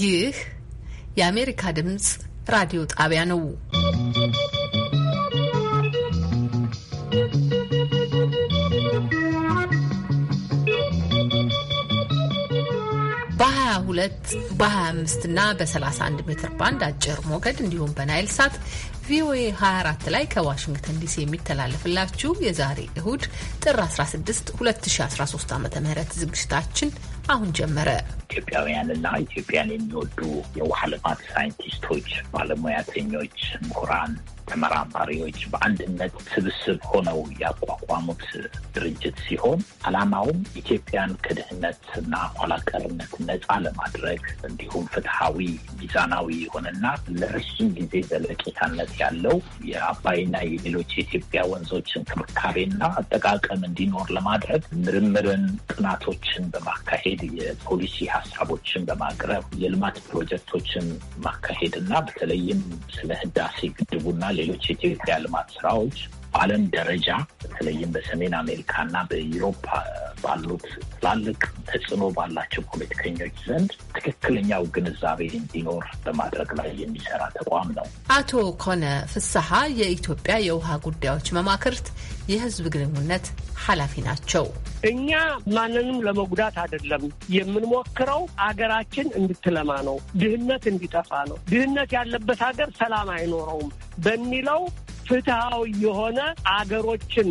ይህ የአሜሪካ ድምፅ ራዲዮ ጣቢያ ነው። በ22 በ25 እና በ31 ሜትር ባንድ አጭር ሞገድ እንዲሁም በናይል ሳት ቪኦኤ 24 ላይ ከዋሽንግተን ዲሲ የሚተላለፍላችሁ የዛሬ እሁድ ጥር 16 2013 ዓ ም ዝግጅታችን አሁን ጀመረ። ኢትዮጵያውያንና ኢትዮጵያን የሚወዱ የውሃ ልማት ሳይንቲስቶች፣ ባለሙያተኞች፣ ምሁራን ተመራማሪዎች በአንድነት ስብስብ ሆነው ያቋቋሙት ድርጅት ሲሆን ዓላማውም ኢትዮጵያን ከድህነትና ኋላቀርነት ነፃ ለማድረግ እንዲሁም ፍትሐዊ፣ ሚዛናዊ የሆነና ለረጅም ጊዜ ዘለቄታነት ያለው የአባይና የሌሎች የኢትዮጵያ ወንዞች እንክብካቤና አጠቃቀም እንዲኖር ለማድረግ ምርምርን፣ ጥናቶችን በማካሄድ የፖሊሲ ሀሳቦችን በማቅረብ የልማት ፕሮጀክቶችን ማካሄድና በተለይም ስለ ህዳሴ ግድቡና ሌሎች የኢትዮጵያ ልማት ስራዎች በዓለም ደረጃ በተለይም በሰሜን አሜሪካና በዩሮፓ ባሉት ትላልቅ ተጽዕኖ ባላቸው ፖለቲከኞች ዘንድ ትክክለኛው ግንዛቤ እንዲኖር በማድረግ ላይ የሚሰራ ተቋም ነው። አቶ ኮነ ፍስሐ የኢትዮጵያ የውሃ ጉዳዮች መማክርት የህዝብ ግንኙነት ኃላፊ ናቸው። እኛ ማንንም ለመጉዳት አይደለም የምንሞክረው፣ አገራችን እንድትለማ ነው፣ ድህነት እንዲጠፋ ነው፣ ድህነት ያለበት ሀገር ሰላም አይኖረውም በሚለው ፍትሃዊ የሆነ አገሮችን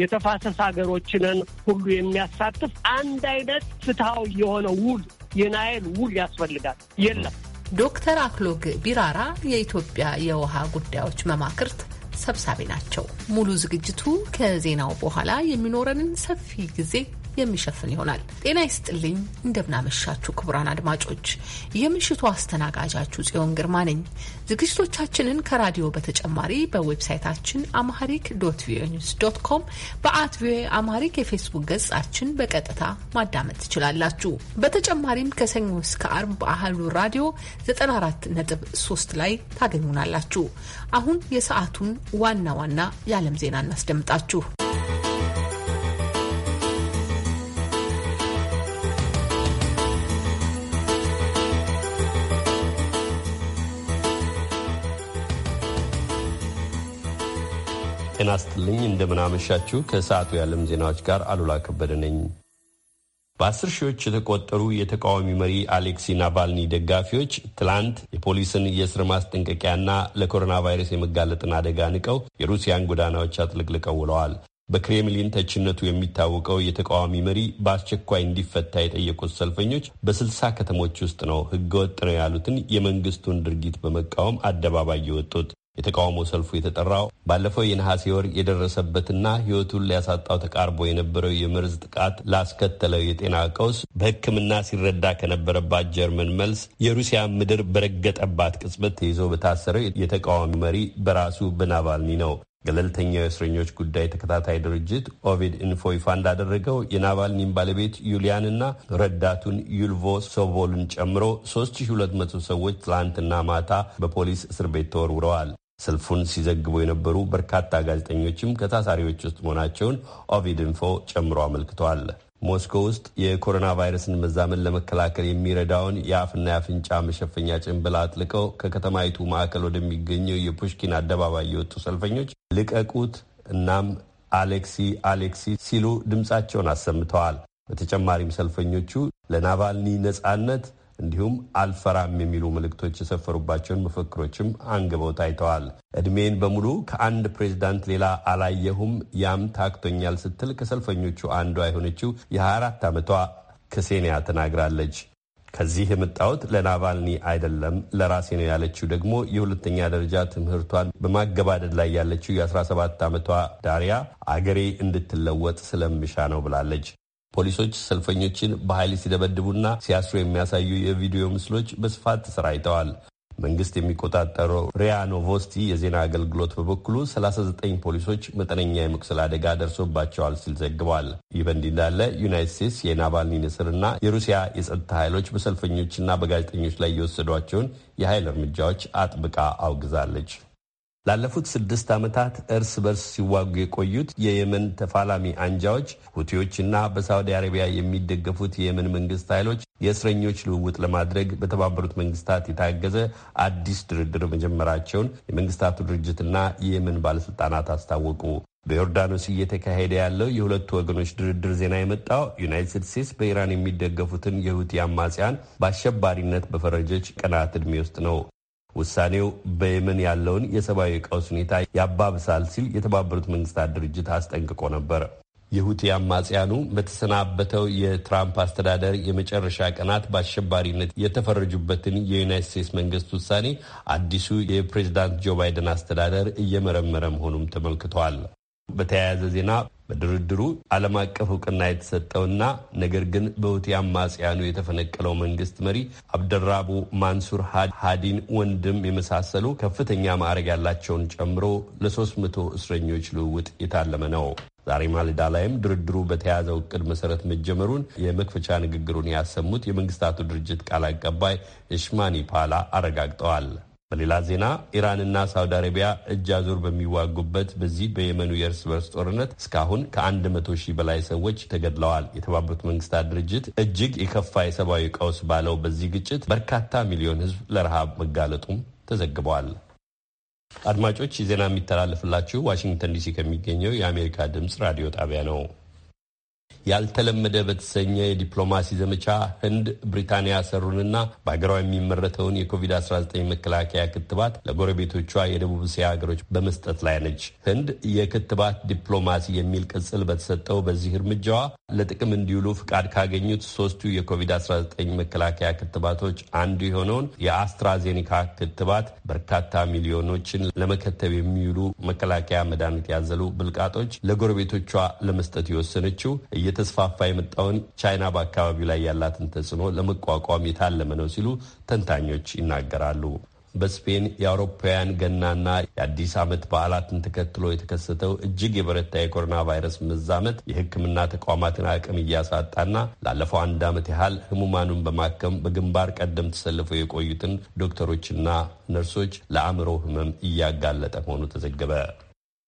የተፋሰስ አገሮችንን ሁሉ የሚያሳትፍ አንድ አይነት ፍትሃዊ የሆነ ውል የናይል ውል ያስፈልጋል። የለም። ዶክተር አክሎግ ቢራራ የኢትዮጵያ የውሃ ጉዳዮች መማክርት ሰብሳቢ ናቸው። ሙሉ ዝግጅቱ ከዜናው በኋላ የሚኖረንን ሰፊ ጊዜ የሚሸፍን ይሆናል። ጤና ይስጥልኝ፣ እንደምናመሻችሁ ክቡራን አድማጮች፣ የምሽቱ አስተናጋጃችሁ ጽዮን ግርማ ነኝ። ዝግጅቶቻችንን ከራዲዮ በተጨማሪ በዌብሳይታችን አማሪክ ዶት ቪኦኤ ኒውስ ዶት ኮም፣ በአት ቪኦኤ አማሪክ የፌስቡክ ገጻችን በቀጥታ ማዳመጥ ትችላላችሁ። በተጨማሪም ከሰኞ እስከ አርብ በአህሉ ራዲዮ 94.3 ላይ ታገኙናላችሁ። አሁን የሰዓቱን ዋና ዋና የዓለም ዜና እናስደምጣችሁ። ጤና ስጥልኝ። እንደምናመሻችሁ ከሰዓቱ የዓለም ዜናዎች ጋር አሉላ ከበደ ነኝ። በአስር ሺዎች የተቆጠሩ የተቃዋሚ መሪ አሌክሲ ናቫልኒ ደጋፊዎች ትላንት የፖሊስን የእስር ማስጠንቀቂያና ለኮሮና ቫይረስ የመጋለጥን አደጋ ንቀው የሩሲያን ጎዳናዎች አጥለቅልቀው ውለዋል። በክሬምሊን ተችነቱ የሚታወቀው የተቃዋሚ መሪ በአስቸኳይ እንዲፈታ የጠየቁት ሰልፈኞች በስልሳ ከተሞች ውስጥ ነው ህገወጥ ነው ያሉትን የመንግስቱን ድርጊት በመቃወም አደባባይ የወጡት። የተቃውሞ ሰልፉ የተጠራው ባለፈው የነሐሴ ወር የደረሰበትና ሕይወቱን ሊያሳጣው ተቃርቦ የነበረው የመርዝ ጥቃት ላስከተለው የጤና ቀውስ በሕክምና ሲረዳ ከነበረባት ጀርመን መልስ የሩሲያ ምድር በረገጠባት ቅጽበት ተይዞ በታሰረው የተቃዋሚ መሪ በራሱ በናቫልኒ ነው። ገለልተኛው የእስረኞች ጉዳይ ተከታታይ ድርጅት ኦቪድ ኢንፎ ይፋ እንዳደረገው የናቫልኒን ባለቤት ዩሊያንና ረዳቱን ዩልቮ ሶቮልን ጨምሮ 3200 ሰዎች ትላንትና ማታ በፖሊስ እስር ቤት ተወርውረዋል። ሰልፉን ሲዘግቡ የነበሩ በርካታ ጋዜጠኞችም ከታሳሪዎች ውስጥ መሆናቸውን ኦቪድ ኢንፎ ጨምሮ አመልክቷል። ሞስኮ ውስጥ የኮሮና ቫይረስን መዛመን ለመከላከል የሚረዳውን የአፍና የአፍንጫ መሸፈኛ ጭንብል አጥልቀው ከከተማይቱ ማዕከል ወደሚገኘው የፑሽኪን አደባባይ የወጡ ሰልፈኞች ልቀቁት፣ እናም አሌክሲ አሌክሲ ሲሉ ድምፃቸውን አሰምተዋል። በተጨማሪም ሰልፈኞቹ ለናቫልኒ ነጻነት እንዲሁም አልፈራም የሚሉ ምልክቶች የሰፈሩባቸውን መፈክሮችም አንግበው ታይተዋል። እድሜን በሙሉ ከአንድ ፕሬዝዳንት ሌላ አላየሁም፣ ያም ታክቶኛል ስትል ከሰልፈኞቹ አንዷ የሆነችው የ24 ዓመቷ ክሴኒያ ተናግራለች። ከዚህ የመጣሁት ለናቫልኒ አይደለም ለራሴ ነው ያለችው ደግሞ የሁለተኛ ደረጃ ትምህርቷን በማገባደድ ላይ ያለችው የ17 ዓመቷ ዳሪያ አገሬ እንድትለወጥ ስለምሻ ነው ብላለች። ፖሊሶች ሰልፈኞችን በኃይል ሲደበድቡና ሲያስሩ የሚያሳዩ የቪዲዮ ምስሎች በስፋት ተሰራይተዋል። መንግስት የሚቆጣጠረው ሪያ ኖቮስቲ የዜና አገልግሎት በበኩሉ 39 ፖሊሶች መጠነኛ የመቁሰል አደጋ ደርሶባቸዋል ሲል ዘግቧል። ይህ በእንዲህ እንዳለ ዩናይት ስቴትስ የናቫልኒ ንስርና የሩሲያ የጸጥታ ኃይሎች በሰልፈኞችና በጋዜጠኞች ላይ የወሰዷቸውን የኃይል እርምጃዎች አጥብቃ አውግዛለች። ላለፉት ስድስት ዓመታት እርስ በርስ ሲዋጉ የቆዩት የየመን ተፋላሚ አንጃዎች ሁቲዎችና በሳዑዲ አረቢያ የሚደገፉት የየመን መንግስት ኃይሎች የእስረኞች ልውውጥ ለማድረግ በተባበሩት መንግስታት የታገዘ አዲስ ድርድር መጀመራቸውን የመንግስታቱ ድርጅትና የየመን ባለስልጣናት አስታወቁ። በዮርዳኖስ እየተካሄደ ያለው የሁለቱ ወገኖች ድርድር ዜና የመጣው ዩናይትድ ስቴትስ በኢራን የሚደገፉትን የሁቲ አማጽያን በአሸባሪነት በፈረጆች ቀናት ዕድሜ ውስጥ ነው። ውሳኔው በየመን ያለውን የሰብአዊ ቀውስ ሁኔታ ያባብሳል ሲል የተባበሩት መንግስታት ድርጅት አስጠንቅቆ ነበር። የሁቲ አማጽያኑ በተሰናበተው የትራምፕ አስተዳደር የመጨረሻ ቀናት በአሸባሪነት የተፈረጁበትን የዩናይት ስቴትስ መንግስት ውሳኔ አዲሱ የፕሬዚዳንት ጆ ባይደን አስተዳደር እየመረመረ መሆኑም ተመልክቷል። በተያያዘ ዜና በድርድሩ ዓለም አቀፍ እውቅና የተሰጠውና ነገር ግን በሁቲ አማጽያኑ የተፈነቀለው መንግስት መሪ አብደራቡ ማንሱር ሃዲን ወንድም የመሳሰሉ ከፍተኛ ማዕረግ ያላቸውን ጨምሮ ለ መቶ እስረኞች ልውውጥ የታለመ ነው። ዛሬ ማልዳ ላይም ድርድሩ በተያዘው እቅድ መሰረት መጀመሩን የመክፈቻ ንግግሩን ያሰሙት የመንግስታቱ ድርጅት ቃል አቀባይ እሽማኒ ፓላ አረጋግጠዋል። በሌላ ዜና ኢራንና ሳውዲ አረቢያ እጅ አዙር በሚዋጉበት በዚህ በየመኑ የእርስ በርስ ጦርነት እስካሁን ከአንድ መቶ ሺህ በላይ ሰዎች ተገድለዋል። የተባበሩት መንግስታት ድርጅት እጅግ የከፋ የሰብአዊ ቀውስ ባለው በዚህ ግጭት በርካታ ሚሊዮን ህዝብ ለረሃብ መጋለጡም ተዘግበዋል። አድማጮች ዜና የሚተላለፍላችሁ ዋሽንግተን ዲሲ ከሚገኘው የአሜሪካ ድምፅ ራዲዮ ጣቢያ ነው። ያልተለመደ በተሰኘ የዲፕሎማሲ ዘመቻ ህንድ ብሪታንያ ሰሩንና በሀገሯ የሚመረተውን የኮቪድ-19 መከላከያ ክትባት ለጎረቤቶቿ የደቡብ እስያ ሀገሮች በመስጠት ላይ ነች። ህንድ የክትባት ዲፕሎማሲ የሚል ቅጽል በተሰጠው በዚህ እርምጃዋ ለጥቅም እንዲውሉ ፍቃድ ካገኙት ሶስቱ የኮቪድ-19 መከላከያ ክትባቶች አንዱ የሆነውን የአስትራዜኒካ ክትባት በርካታ ሚሊዮኖችን ለመከተብ የሚውሉ መከላከያ መድኃኒት ያዘሉ ብልቃጦች ለጎረቤቶቿ ለመስጠት የወሰነችው እየተስፋፋ የመጣውን ቻይና በአካባቢው ላይ ያላትን ተጽዕኖ ለመቋቋም የታለመ ነው ሲሉ ተንታኞች ይናገራሉ። በስፔን የአውሮፓውያን ገናና የአዲስ ዓመት በዓላትን ተከትሎ የተከሰተው እጅግ የበረታ የኮሮና ቫይረስ መዛመት የሕክምና ተቋማትን አቅም እያሳጣና ላለፈው አንድ ዓመት ያህል ህሙማኑን በማከም በግንባር ቀደም ተሰልፈው የቆዩትን ዶክተሮችና ነርሶች ለአእምሮ ህመም እያጋለጠ መሆኑ ተዘገበ።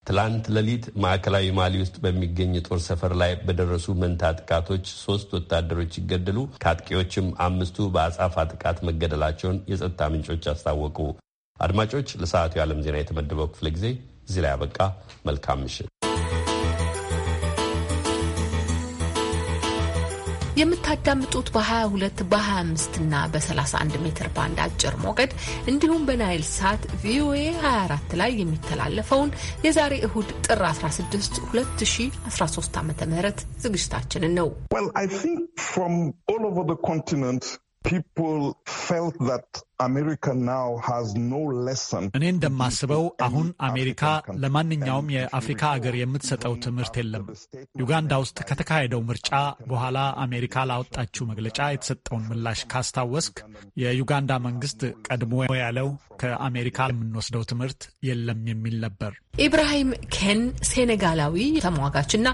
ትላንት ሌሊት ማዕከላዊ ማሊ ውስጥ በሚገኝ የጦር ሰፈር ላይ በደረሱ መንታ ጥቃቶች ሶስት ወታደሮች ሲገደሉ ከአጥቂዎችም አምስቱ በአጻፋ ጥቃት መገደላቸውን የጸጥታ ምንጮች አስታወቁ። አድማጮች፣ ለሰዓቱ የዓለም ዜና የተመደበው ክፍለ ጊዜ እዚህ ላይ አበቃ። መልካም ምሽት። የምታዳምጡት በ22 በ25 እና በ31 ሜትር ባንድ አጭር ሞገድ እንዲሁም በናይል ሳት ቪኦኤ 24 ላይ የሚተላለፈውን የዛሬ እሁድ ጥር 16 2013 ዓ ም ዝግጅታችንን ነው። እኔ እንደማስበው አሁን አሜሪካ ለማንኛውም የአፍሪካ አገር የምትሰጠው ትምህርት የለም። ዩጋንዳ ውስጥ ከተካሄደው ምርጫ በኋላ አሜሪካ ላወጣችው መግለጫ የተሰጠውን ምላሽ ካስታወስክ የዩጋንዳ መንግስት ቀድሞ ያለው ከአሜሪካ የምንወስደው ትምህርት የለም የሚል ነበር። ኢብራሂም ኬን ሴኔጋላዊ ተሟጋችና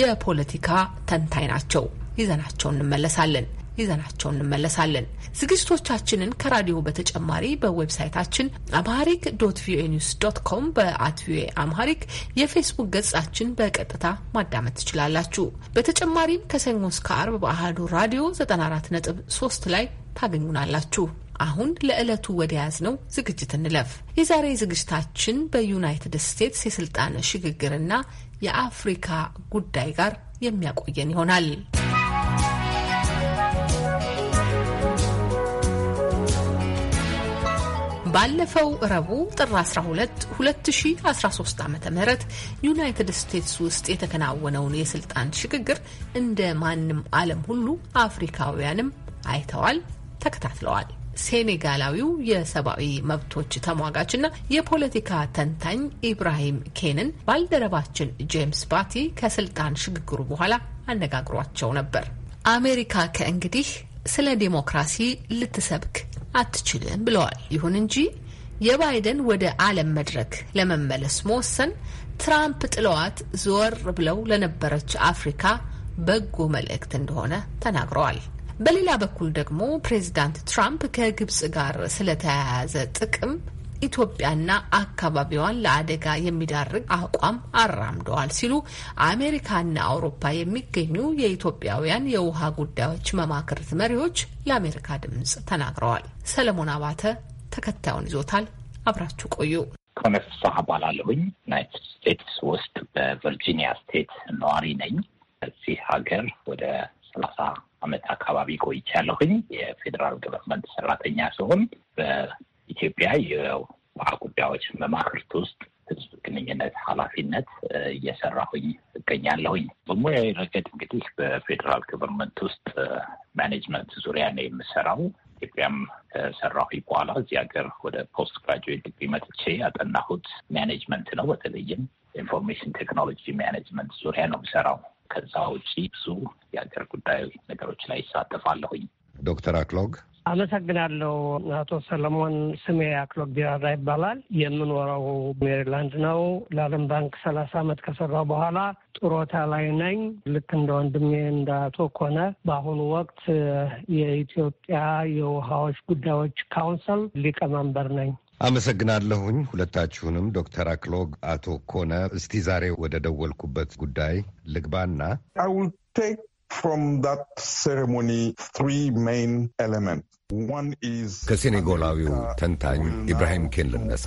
የፖለቲካ ተንታኝ ናቸው። ይዘናቸው እንመለሳለን። ይዘናቸው እንመለሳለን። ዝግጅቶቻችንን ከራዲዮ በተጨማሪ በዌብሳይታችን አምሃሪክ ዶት ቪኦኤ ኒውስ ዶት ኮም፣ በአት ቪኦኤ አምሃሪክ የፌስቡክ ገጻችን በቀጥታ ማዳመጥ ትችላላችሁ። በተጨማሪም ከሰኞ እስከ አርብ በአህዱ ራዲዮ 94.3 ላይ ታገኙናላችሁ። አሁን ለዕለቱ ወደ ያዝነው ዝግጅት እንለፍ። የዛሬ ዝግጅታችን በዩናይትድ ስቴትስ የስልጣን ሽግግርና የአፍሪካ ጉዳይ ጋር የሚያቆየን ይሆናል። ባለፈው ረቡዕ ጥር 12 2013 ዓ ም ዩናይትድ ስቴትስ ውስጥ የተከናወነውን የስልጣን ሽግግር እንደ ማንም ዓለም ሁሉ አፍሪካውያንም አይተዋል፣ ተከታትለዋል። ሴኔጋላዊው የሰብአዊ መብቶች ተሟጋችና የፖለቲካ ተንታኝ ኢብራሂም ኬንን ባልደረባችን ጄምስ ባቲ ከስልጣን ሽግግሩ በኋላ አነጋግሯቸው ነበር። አሜሪካ ከእንግዲህ ስለ ዲሞክራሲ ልትሰብክ አትችልም ብለዋል። ይሁን እንጂ የባይደን ወደ ዓለም መድረክ ለመመለስ መወሰን ትራምፕ ጥለዋት ዞር ብለው ለነበረች አፍሪካ በጎ መልእክት እንደሆነ ተናግረዋል። በሌላ በኩል ደግሞ ፕሬዚዳንት ትራምፕ ከግብጽ ጋር ስለተያያዘ ጥቅም ኢትዮጵያና አካባቢዋን ለአደጋ የሚዳርግ አቋም አራምደዋል ሲሉ አሜሪካና አውሮፓ የሚገኙ የኢትዮጵያውያን የውሃ ጉዳዮች መማክርት መሪዎች ለአሜሪካ ድምጽ ተናግረዋል። ሰለሞን አባተ ተከታዩን ይዞታል። አብራችሁ ቆዩ። ከነፍስ እባላለሁኝ። ዩናይትድ ስቴትስ ውስጥ በቨርጂኒያ ስቴት ነዋሪ ነኝ። እዚህ ሀገር ወደ ሰላሳ ዓመት አካባቢ ቆይቻለሁኝ። የፌዴራል ገቨርንመንት ሰራተኛ ሲሆን ኢትዮጵያ የውሃ ጉዳዮች መማክርት ውስጥ ህዝብ ግንኙነት ኃላፊነት እየሰራሁኝ እገኛለሁኝ። በሙያዊ ረገድ እንግዲህ በፌዴራል ገቨርንመንት ውስጥ ማኔጅመንት ዙሪያ ነው የምሰራው። ኢትዮጵያም ከሰራሁኝ በኋላ እዚህ ሀገር ወደ ፖስት ግራጁዌት ዲግሪ መጥቼ ያጠናሁት ማኔጅመንት ነው። በተለይም ኢንፎርሜሽን ቴክኖሎጂ ማኔጅመንት ዙሪያ ነው የምሰራው። ከዛ ውጪ ብዙ የሀገር ጉዳይ ነገሮች ላይ ይሳተፋለሁኝ። ዶክተር አክሎግ አመሰግናለሁ አቶ ሰለሞን። ስሜ አክሎግ ቢራራ ይባላል። የምኖረው ሜሪላንድ ነው። ለዓለም ባንክ ሰላሳ ዓመት ከሰራው በኋላ ጡረታ ላይ ነኝ። ልክ እንደ ወንድሜ እንደ አቶ ኮነ በአሁኑ ወቅት የኢትዮጵያ የውሃዎች ጉዳዮች ካውንስል ሊቀመንበር ነኝ። አመሰግናለሁኝ ሁለታችሁንም። ዶክተር አክሎግ፣ አቶ ኮነ፣ እስቲ ዛሬ ወደ ደወልኩበት ጉዳይ ልግባና ከሴኔጋላዊው ተንታኝ ኢብራሂም ኬን ልነሳ።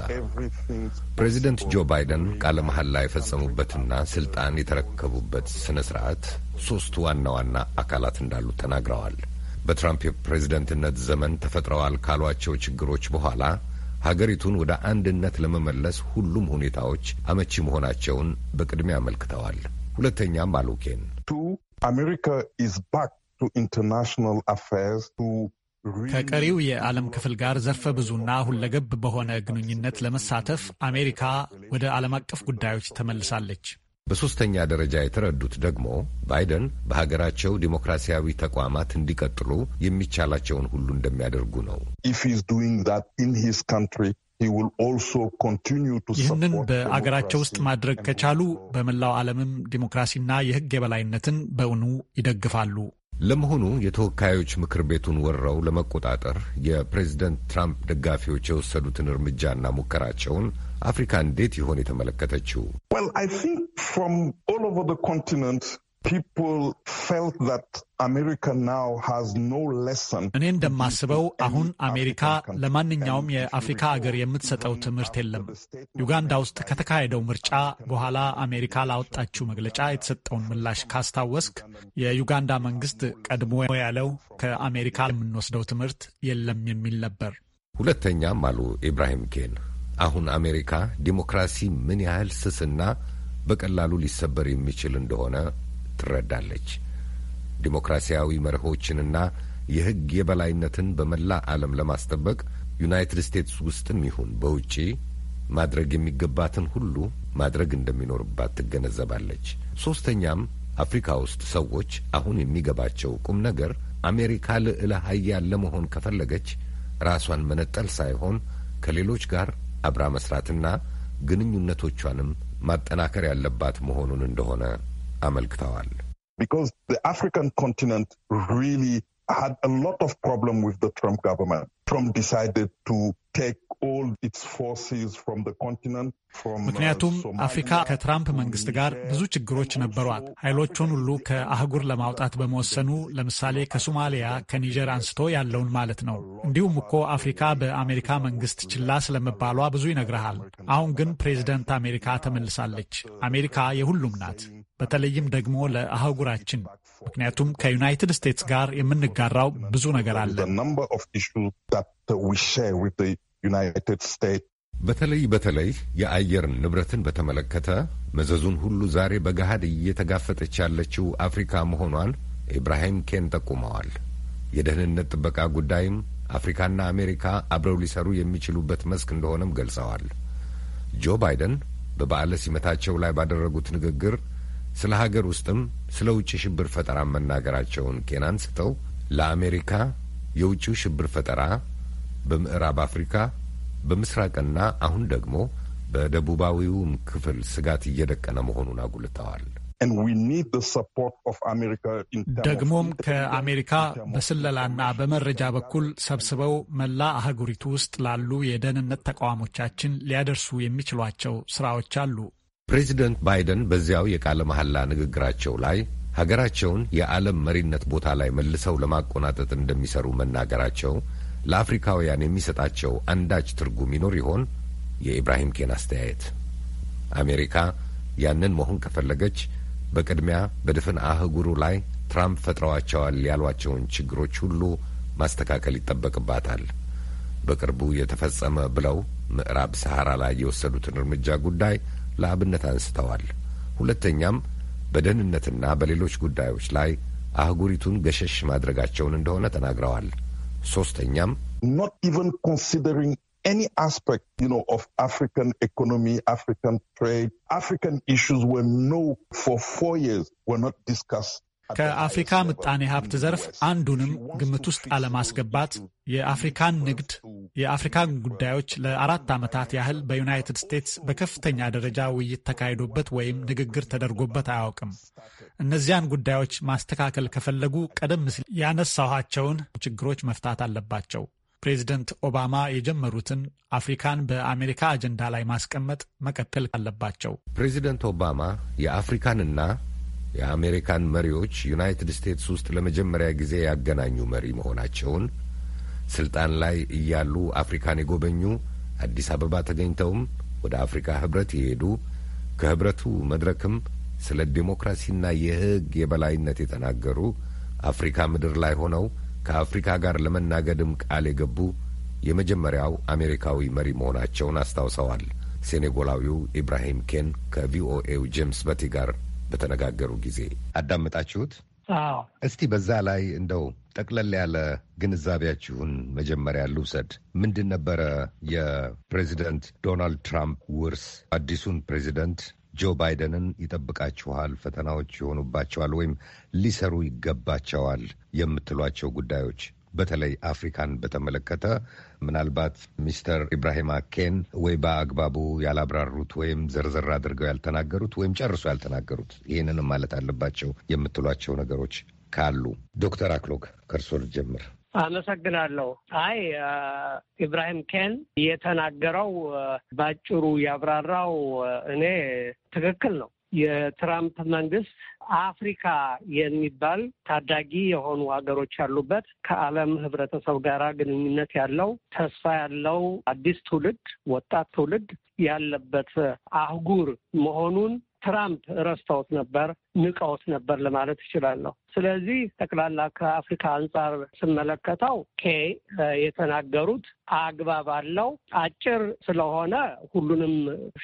ፕሬዚደንት ጆ ባይደን ቃለ መሐላ የፈጸሙበትና ስልጣን የተረከቡበት ስነ ስርዓት ሶስት ዋና ዋና አካላት እንዳሉት ተናግረዋል። በትራምፕ የፕሬዝደንትነት ዘመን ተፈጥረዋል ካሏቸው ችግሮች በኋላ ሀገሪቱን ወደ አንድነት ለመመለስ ሁሉም ሁኔታዎች አመቺ መሆናቸውን በቅድሚያ አመልክተዋል። ሁለተኛም አሉ ኬን አሜሪካ ኢዝ ባክ ቱ ኢንተርናሽናል አፌርስ ቱ ከቀሪው የዓለም ክፍል ጋር ዘርፈ ብዙና ሁለገብ በሆነ ግንኙነት ለመሳተፍ አሜሪካ ወደ ዓለም አቀፍ ጉዳዮች ተመልሳለች። በሦስተኛ ደረጃ የተረዱት ደግሞ ባይደን በሀገራቸው ዲሞክራሲያዊ ተቋማት እንዲቀጥሉ የሚቻላቸውን ሁሉ እንደሚያደርጉ ነው። ይህንን በአገራቸው ውስጥ ማድረግ ከቻሉ በመላው ዓለምም ዲሞክራሲና የሕግ የበላይነትን በእውኑ ይደግፋሉ። ለመሆኑ የተወካዮች ምክር ቤቱን ወረው ለመቆጣጠር የፕሬዝደንት ትራምፕ ደጋፊዎች የወሰዱትን እርምጃና ሙከራቸውን አፍሪካ እንዴት ይሆን የተመለከተችው? እኔ እንደማስበው አሁን አሜሪካ ለማንኛውም የአፍሪካ አገር የምትሰጠው ትምህርት የለም። ዩጋንዳ ውስጥ ከተካሄደው ምርጫ በኋላ አሜሪካ ላወጣችው መግለጫ የተሰጠውን ምላሽ ካስታወስክ የዩጋንዳ መንግስት ቀድሞ ያለው ከአሜሪካ የምንወስደው ትምህርት የለም የሚል ነበር። ሁለተኛም አሉ ኢብራሂም ኬን አሁን አሜሪካ ዲሞክራሲ ምን ያህል ስስና በቀላሉ ሊሰበር የሚችል እንደሆነ ትረዳለች። ዲሞክራሲያዊ መርሆችንና የሕግ የበላይነትን በመላ ዓለም ለማስጠበቅ ዩናይትድ ስቴትስ ውስጥም ይሁን በውጪ ማድረግ የሚገባትን ሁሉ ማድረግ እንደሚኖርባት ትገነዘባለች። ሶስተኛም አፍሪካ ውስጥ ሰዎች አሁን የሚገባቸው ቁም ነገር አሜሪካ ልዕለ ሀያል ለመሆን ከፈለገች ራሷን መነጠል ሳይሆን ከሌሎች ጋር አብራ መስራትና ግንኙነቶቿንም ማጠናከር ያለባት መሆኑን እንደሆነ አመልክተዋል። Because the African continent really had a lot of problem with the Trump government. Trump decided to Uh, ምክንያቱም አፍሪካ ከትራምፕ መንግስት ጋር ብዙ ችግሮች ነበሯት። ኃይሎቹን ሁሉ ከአህጉር ለማውጣት በመወሰኑ ለምሳሌ ከሶማሊያ ከኒጀር አንስቶ ያለውን ማለት ነው። እንዲሁም እኮ አፍሪካ በአሜሪካ መንግስት ችላ ስለመባሏ ብዙ ይነግረሃል። አሁን ግን ፕሬዚደንት አሜሪካ ተመልሳለች። አሜሪካ የሁሉም ናት፣ በተለይም ደግሞ ለአህጉራችን። ምክንያቱም ከዩናይትድ ስቴትስ ጋር የምንጋራው ብዙ ነገር አለ። ዩናይትድ ስቴትስ በተለይ በተለይ የአየር ንብረትን በተመለከተ መዘዙን ሁሉ ዛሬ በገሃድ እየተጋፈጠች ያለችው አፍሪካ መሆኗን ኢብራሂም ኬን ጠቁመዋል። የደህንነት ጥበቃ ጉዳይም አፍሪካና አሜሪካ አብረው ሊሰሩ የሚችሉበት መስክ እንደሆነም ገልጸዋል። ጆ ባይደን በበዓለ ሲመታቸው ላይ ባደረጉት ንግግር ስለ ሀገር ውስጥም ስለ ውጭ ሽብር ፈጠራ መናገራቸውን ኬን አንስተው ለአሜሪካ የውጭው ሽብር ፈጠራ በምዕራብ አፍሪካ በምስራቅና አሁን ደግሞ በደቡባዊውም ክፍል ስጋት እየደቀነ መሆኑን አጉልተዋል። ደግሞም ከአሜሪካ በስለላና በመረጃ በኩል ሰብስበው መላ አህጉሪቱ ውስጥ ላሉ የደህንነት ተቋሞቻችን ሊያደርሱ የሚችሏቸው ስራዎች አሉ። ፕሬዚደንት ባይደን በዚያው የቃለ መሐላ ንግግራቸው ላይ ሀገራቸውን የዓለም መሪነት ቦታ ላይ መልሰው ለማቆናጠጥ እንደሚሰሩ መናገራቸው ለአፍሪካውያን የሚሰጣቸው አንዳች ትርጉም ይኖር ይሆን? የኢብራሂም ኬን አስተያየት አሜሪካ ያንን መሆን ከፈለገች በቅድሚያ በድፍን አህጉሩ ላይ ትራምፕ ፈጥረዋቸዋል ያሏቸውን ችግሮች ሁሉ ማስተካከል ይጠበቅባታል። በቅርቡ የተፈጸመ ብለው ምዕራብ ሰሐራ ላይ የወሰዱትን እርምጃ ጉዳይ ለአብነት አንስተዋል። ሁለተኛም በደህንነትና በሌሎች ጉዳዮች ላይ አህጉሪቱን ገሸሽ ማድረጋቸውን እንደሆነ ተናግረዋል። ሶስተኛም not even considering any aspect you know of african economy african trade african issues were no for four years were not discussed ከአፍሪካ ምጣኔ ሀብት ዘርፍ አንዱንም ግምት ውስጥ አለማስገባት የአፍሪካን ንግድ፣ የአፍሪካን ጉዳዮች ለአራት ዓመታት ያህል በዩናይትድ ስቴትስ በከፍተኛ ደረጃ ውይይት ተካሂዶበት ወይም ንግግር ተደርጎበት አያውቅም። እነዚያን ጉዳዮች ማስተካከል ከፈለጉ ቀደም ሲል ያነሳኋቸውን ችግሮች መፍታት አለባቸው። ፕሬዚደንት ኦባማ የጀመሩትን አፍሪካን በአሜሪካ አጀንዳ ላይ ማስቀመጥ መቀጠል አለባቸው። ፕሬዚደንት ኦባማ የአፍሪካንና የአሜሪካን መሪዎች ዩናይትድ ስቴትስ ውስጥ ለመጀመሪያ ጊዜ ያገናኙ መሪ መሆናቸውን ስልጣን ላይ እያሉ አፍሪካን የጎበኙ አዲስ አበባ ተገኝተውም ወደ አፍሪካ ህብረት የሄዱ ከህብረቱ መድረክም ስለ ዲሞክራሲና የህግ የበላይነት የተናገሩ አፍሪካ ምድር ላይ ሆነው ከአፍሪካ ጋር ለመናገድም ቃል የገቡ የመጀመሪያው አሜሪካዊ መሪ መሆናቸውን አስታውሰዋል። ሴኔጎላዊው ኢብራሂም ኬን ከቪኦኤው ጄምስ በቲ ጋር በተነጋገሩ ጊዜ አዳመጣችሁት? አዎ። እስቲ በዛ ላይ እንደው ጠቅለል ያለ ግንዛቤያችሁን መጀመሪያ ልውሰድ። ምንድን ነበረ የፕሬዚደንት ዶናልድ ትራምፕ ውርስ? አዲሱን ፕሬዚደንት ጆ ባይደንን ይጠብቃችኋል፣ ፈተናዎች ይሆኑባቸዋል፣ ወይም ሊሰሩ ይገባቸዋል የምትሏቸው ጉዳዮች በተለይ አፍሪካን በተመለከተ ምናልባት ሚስተር ኢብራሂማ ኬን ወይ በአግባቡ ያላብራሩት ወይም ዘርዘር አድርገው ያልተናገሩት ወይም ጨርሶ ያልተናገሩት ይህንንም ማለት አለባቸው የምትሏቸው ነገሮች ካሉ ዶክተር አክሎክ ከእርሶ ልጀምር። አመሰግናለሁ። አይ ኢብራሂም ኬን የተናገረው ባጭሩ ያብራራው እኔ ትክክል ነው የትራምፕ መንግስት አፍሪካ የሚባል ታዳጊ የሆኑ ሀገሮች ያሉበት ከዓለም ህብረተሰብ ጋር ግንኙነት ያለው ተስፋ ያለው አዲስ ትውልድ ወጣት ትውልድ ያለበት አህጉር መሆኑን ትራምፕ ረስተውት ነበር፣ ንቀውት ነበር ለማለት እችላለሁ። ስለዚህ ጠቅላላ ከአፍሪካ አንጻር ስመለከተው ኬ የተናገሩት አግባብ አለው። አጭር ስለሆነ ሁሉንም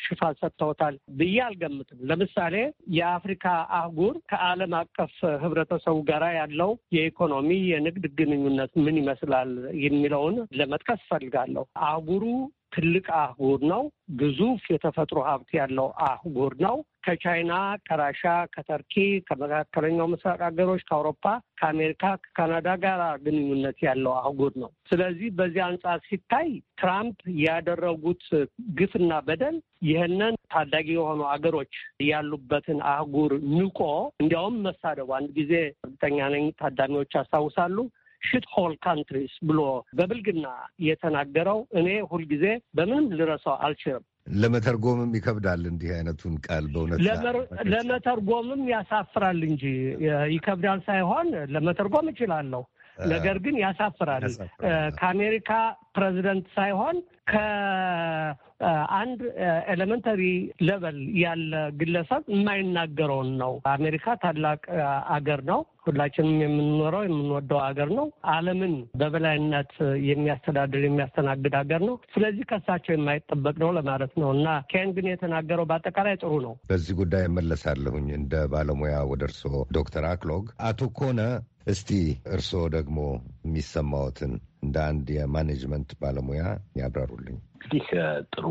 ሽፋን ሰጥተውታል ብዬ አልገምትም። ለምሳሌ የአፍሪካ አህጉር ከዓለም አቀፍ ህብረተሰቡ ጋራ ያለው የኢኮኖሚ የንግድ ግንኙነት ምን ይመስላል የሚለውን ለመጥቀስ ፈልጋለሁ። አህጉሩ ትልቅ አህጉር ነው። ግዙፍ የተፈጥሮ ሀብት ያለው አህጉር ነው። ከቻይና፣ ከራሻ፣ ከተርኪ፣ ከመካከለኛው ምስራቅ ሀገሮች፣ ከአውሮፓ፣ ከአሜሪካ፣ ከካናዳ ጋር ግንኙነት ያለው አህጉር ነው። ስለዚህ በዚህ አንጻር ሲታይ ትራምፕ ያደረጉት ግፍና በደል ይህንን ታዳጊ የሆኑ አገሮች ያሉበትን አህጉር ንቆ እንዲያውም መሳደቡ አንድ ጊዜ እርግጠኛ ነኝ ታዳሚዎች ያስታውሳሉ ሽት ሆል ካንትሪስ ብሎ በብልግና የተናገረው እኔ ሁልጊዜ በምንም ልረሳው አልችልም። ለመተርጎምም ይከብዳል። እንዲህ አይነቱን ቃል በእውነት ለመተርጎምም ያሳፍራል እንጂ ይከብዳል ሳይሆን ለመተርጎም እችላለሁ፣ ነገር ግን ያሳፍራል። ከአሜሪካ ፕሬዚደንት ሳይሆን ከ አንድ ኤሌመንተሪ ሌቨል ያለ ግለሰብ የማይናገረውን ነው። አሜሪካ ታላቅ አገር ነው። ሁላችንም የምንኖረው የምንወደው ሀገር ነው። ዓለምን በበላይነት የሚያስተዳድር የሚያስተናግድ ሀገር ነው። ስለዚህ ከሳቸው የማይጠበቅ ነው ለማለት ነው እና ኬን ግን የተናገረው በአጠቃላይ ጥሩ ነው። በዚህ ጉዳይ መለሳለሁኝ እንደ ባለሙያ ወደ እርስዎ ዶክተር አክሎግ። አቶ ኮነ እስቲ እርስዎ ደግሞ የሚሰማዎትን እንደ አንድ የማኔጅመንት ባለሙያ ያብራሩልኝ። እንግዲህ ጥሩ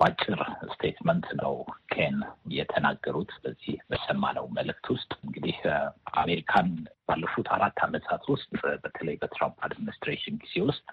ባጭር ስቴትመንት ነው ኬን የተናገሩት። በዚህ በሰማነው መልእክት ውስጥ እንግዲህ አሜሪካን ባለፉት አራት ዓመታት ውስጥ በተለይ በትራምፕ አድሚኒስትሬሽን ጊዜ ውስጥ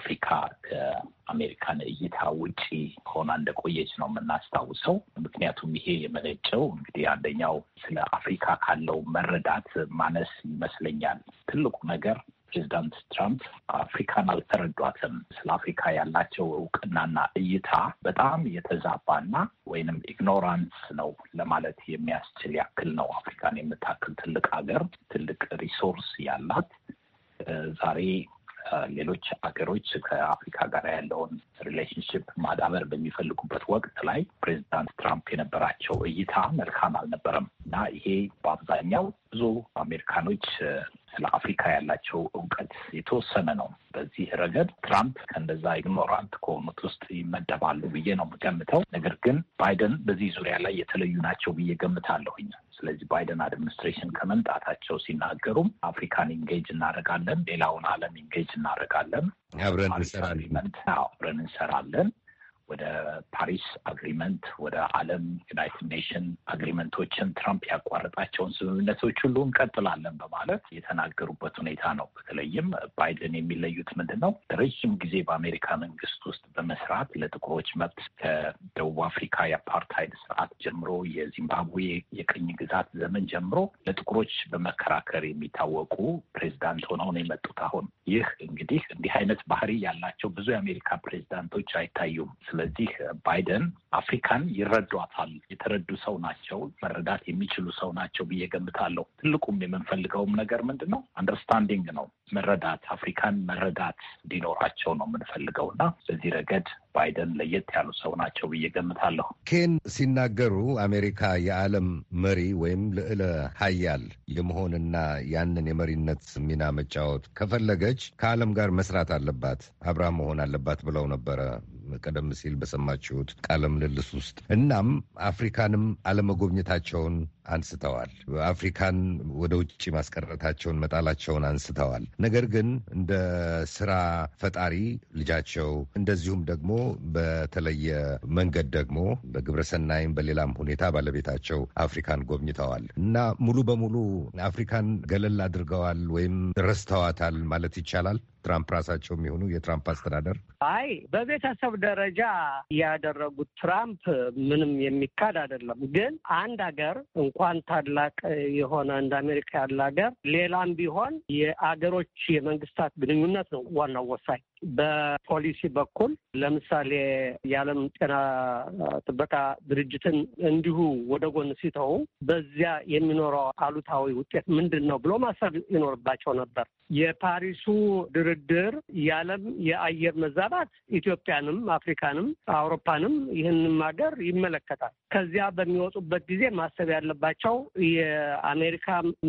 አፍሪካ ከአሜሪካን እይታ ውጪ ሆና እንደቆየች ነው የምናስታውሰው። ምክንያቱም ይሄ የመነጨው እንግዲህ አንደኛው ስለ አፍሪካ ካለው መረዳት ማነስ ይመስለኛል። ትልቁ ነገር ፕሬዚዳንት ትራምፕ አፍሪካን አልተረዷትም። ስለ አፍሪካ ያላቸው እውቅናና እይታ በጣም የተዛባና ወይንም ኢግኖራንስ ነው ለማለት የሚያስችል ያክል ነው። አፍሪካን የምታክል ትልቅ ሀገር፣ ትልቅ ሪሶርስ ያላት ዛሬ ሌሎች አገሮች ከአፍሪካ ጋር ያለውን ሪሌሽንሽፕ ማዳበር በሚፈልጉበት ወቅት ላይ ፕሬዚዳንት ትራምፕ የነበራቸው እይታ መልካም አልነበረም እና ይሄ በአብዛኛው ብዙ አሜሪካኖች ስለ አፍሪካ ያላቸው እውቀት የተወሰነ ነው። በዚህ ረገድ ትራምፕ ከእንደዛ ኢግኖራንት ከሆኑት ውስጥ ይመደባሉ ብዬ ነው የምገምተው። ነገር ግን ባይደን በዚህ ዙሪያ ላይ የተለዩ ናቸው ብዬ ገምታለሁኝ። ስለዚህ ባይደን አድሚኒስትሬሽን ከመምጣታቸው ሲናገሩም አፍሪካን ኢንጌጅ እናደርጋለን፣ ሌላውን ዓለም ኢንጌጅ እናደርጋለን፣ አብረን እንሰራለን፣ አብረን እንሰራለን ወደ ፓሪስ አግሪመንት ወደ ዓለም ዩናይትድ ኔሽን አግሪመንቶችን ትራምፕ ያቋረጣቸውን ስምምነቶች ሁሉ እንቀጥላለን በማለት የተናገሩበት ሁኔታ ነው። በተለይም ባይደን የሚለዩት ምንድን ነው? ረዥም ጊዜ በአሜሪካ መንግስት ውስጥ በመስራት ለጥቁሮች መብት ከደቡብ አፍሪካ የአፓርታይድ ስርዓት ጀምሮ የዚምባብዌ የቅኝ ግዛት ዘመን ጀምሮ ለጥቁሮች በመከራከር የሚታወቁ ፕሬዚዳንት ሆነው ነው የመጡት። አሁን ይህ እንግዲህ እንዲህ አይነት ባህሪ ያላቸው ብዙ የአሜሪካ ፕሬዚዳንቶች አይታዩም። ስለዚህ ባይደን አፍሪካን ይረዷታል። የተረዱ ሰው ናቸው፣ መረዳት የሚችሉ ሰው ናቸው ብዬ ገምታለሁ። ትልቁም የምንፈልገውም ነገር ምንድን ነው? አንደርስታንዲንግ ነው፣ መረዳት አፍሪካን መረዳት እንዲኖራቸው ነው የምንፈልገው እና በዚህ ረገድ ባይደን ለየት ያሉ ሰው ናቸው ብዬ ገምታለሁ። ኬን ሲናገሩ አሜሪካ የዓለም መሪ ወይም ልዕለ ሀያል የመሆንና ያንን የመሪነት ሚና መጫወት ከፈለገች ከዓለም ጋር መስራት አለባት፣ አብራ መሆን አለባት ብለው ነበረ ቀደም ሲል በሰማችሁት ቃለ ምልልስ ውስጥ። እናም አፍሪካንም አለመጎብኘታቸውን አንስተዋል። አፍሪካን ወደ ውጭ ማስቀረታቸውን መጣላቸውን አንስተዋል። ነገር ግን እንደ ስራ ፈጣሪ ልጃቸው እንደዚሁም ደግሞ በተለየ መንገድ ደግሞ በግብረሰናይም በሌላም ሁኔታ ባለቤታቸው አፍሪካን ጎብኝተዋል እና ሙሉ በሙሉ አፍሪካን ገለል አድርገዋል ወይም ረስተዋታል ማለት ይቻላል። ትራምፕ ራሳቸው የሚሆኑ የትራምፕ አስተዳደር? አይ በቤተሰብ ደረጃ ያደረጉት ትራምፕ ምንም የሚካድ አይደለም። ግን አንድ ሀገር እንኳን ታላቅ የሆነ እንደ አሜሪካ ያለ ሀገር ሌላም ቢሆን የአገሮች የመንግስታት ግንኙነት ነው ዋናው ወሳኝ በፖሊሲ በኩል ለምሳሌ የዓለም ጤና ጥበቃ ድርጅትን እንዲሁ ወደ ጎን ሲተው በዚያ የሚኖረው አሉታዊ ውጤት ምንድን ነው ብሎ ማሰብ ይኖርባቸው ነበር። የፓሪሱ ድርድር የዓለም የአየር መዛባት ኢትዮጵያንም፣ አፍሪካንም፣ አውሮፓንም ይህንም ሀገር ይመለከታል። ከዚያ በሚወጡበት ጊዜ ማሰብ ያለባቸው የአሜሪካ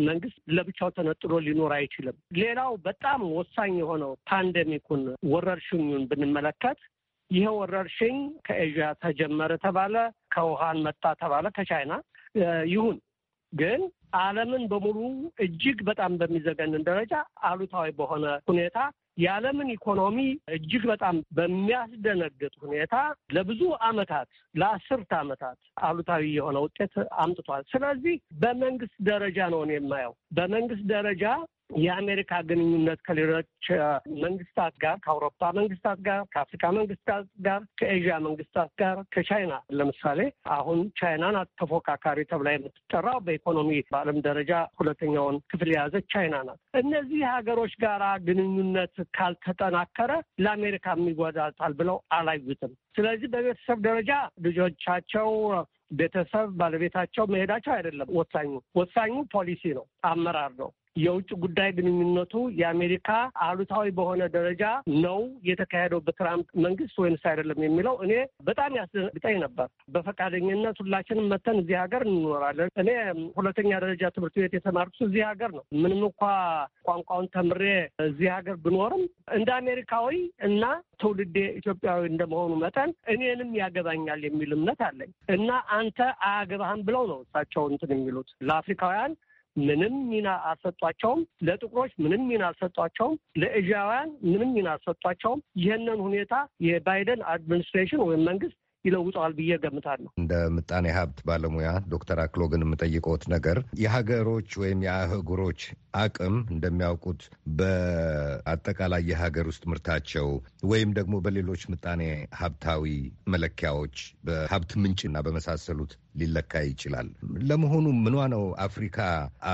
መንግስት ለብቻው ተነጥሎ ሊኖር አይችልም። ሌላው በጣም ወሳኝ የሆነው ፓንደሚኩን ወረርሽኙን ብንመለከት ይሄ ወረርሽኝ ከኤዥያ ተጀመረ ተባለ፣ ከውሃን መጣ ተባለ፣ ከቻይና ይሁን ግን ዓለምን በሙሉ እጅግ በጣም በሚዘገንን ደረጃ አሉታዊ በሆነ ሁኔታ የዓለምን ኢኮኖሚ እጅግ በጣም በሚያስደነግጥ ሁኔታ ለብዙ ዓመታት ለአስርት ዓመታት አሉታዊ የሆነ ውጤት አምጥቷል። ስለዚህ በመንግስት ደረጃ ነው የማየው። በመንግስት ደረጃ የአሜሪካ ግንኙነት ከሌሎች መንግስታት ጋር፣ ከአውሮፓ መንግስታት ጋር፣ ከአፍሪካ መንግስታት ጋር፣ ከኤዥያ መንግስታት ጋር፣ ከቻይና ለምሳሌ አሁን ቻይና ናት ተፎካካሪ ተብላ የምትጠራው በኢኮኖሚ በዓለም ደረጃ ሁለተኛውን ክፍል የያዘች ቻይና ናት። እነዚህ ሀገሮች ጋር ግንኙነት ካልተጠናከረ ለአሜሪካ የሚጎዳታል ብለው አላዩትም። ስለዚህ በቤተሰብ ደረጃ ልጆቻቸው ቤተሰብ ባለቤታቸው መሄዳቸው አይደለም ወሳኙ። ወሳኙ ፖሊሲ ነው፣ አመራር ነው። የውጭ ጉዳይ ግንኙነቱ የአሜሪካ አሉታዊ በሆነ ደረጃ ነው የተካሄደው በትራምፕ መንግስት ወይንስ አይደለም የሚለው እኔ በጣም ያስደነግጠኝ ነበር። በፈቃደኝነት ሁላችንም መተን እዚህ ሀገር እንኖራለን። እኔ ሁለተኛ ደረጃ ትምህርት ቤት የተማርኩት እዚህ ሀገር ነው። ምንም እንኳ ቋንቋውን ተምሬ እዚህ ሀገር ብኖርም እንደ አሜሪካዊ እና ትውልዴ ኢትዮጵያዊ እንደመሆኑ መጠን እኔንም ያገባኛል የሚል እምነት አለኝ እና አንተ አያገባህም ብለው ነው እሳቸው እንትን የሚሉት ለአፍሪካውያን ምንም ሚና አልሰጧቸውም። ለጥቁሮች ምንም ሚና አልሰጧቸውም። ለእዣውያን ምንም ሚና አልሰጧቸውም። ይህንን ሁኔታ የባይደን አድሚኒስትሬሽን ወይም መንግስት ይለውጠዋል ብዬ ገምታለሁ። እንደ ምጣኔ ሀብት ባለሙያ ዶክተር አክሎግን የምጠይቀውት ነገር የሀገሮች ወይም የአህጉሮች አቅም እንደሚያውቁት በአጠቃላይ የሀገር ውስጥ ምርታቸው ወይም ደግሞ በሌሎች ምጣኔ ሀብታዊ መለኪያዎች በሀብት ምንጭና በመሳሰሉት ሊለካ ይችላል። ለመሆኑ ምኗ ነው አፍሪካ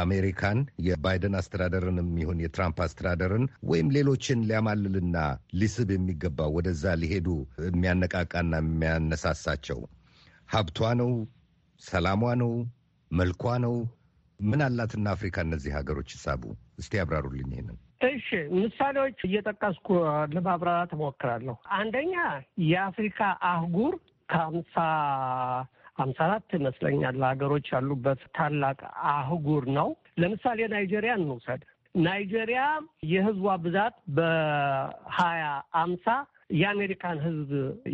አሜሪካን የባይደን አስተዳደርንም ይሁን የትራምፕ አስተዳደርን ወይም ሌሎችን ሊያማልልና ሊስብ የሚገባ ወደዛ ሊሄዱ የሚያነቃቃና የሚያነሳሳቸው ሀብቷ ነው? ሰላሟ ነው? መልኳ ነው? ምን አላትና አፍሪካ እነዚህ ሀገሮች ይሳቡ? እስቲ ያብራሩልኝ ይሄንን። እሺ ምሳሌዎች እየጠቀስኩ ለማብራራት እሞክራለሁ። አንደኛ የአፍሪካ አህጉር ከአምሳ ሀምሳ አራት ይመስለኛል ሀገሮች ያሉበት ታላቅ አህጉር ነው። ለምሳሌ ናይጄሪያን እንውሰድ። ናይጄሪያ የህዝቧ ብዛት በሀያ አምሳ የአሜሪካን ህዝብ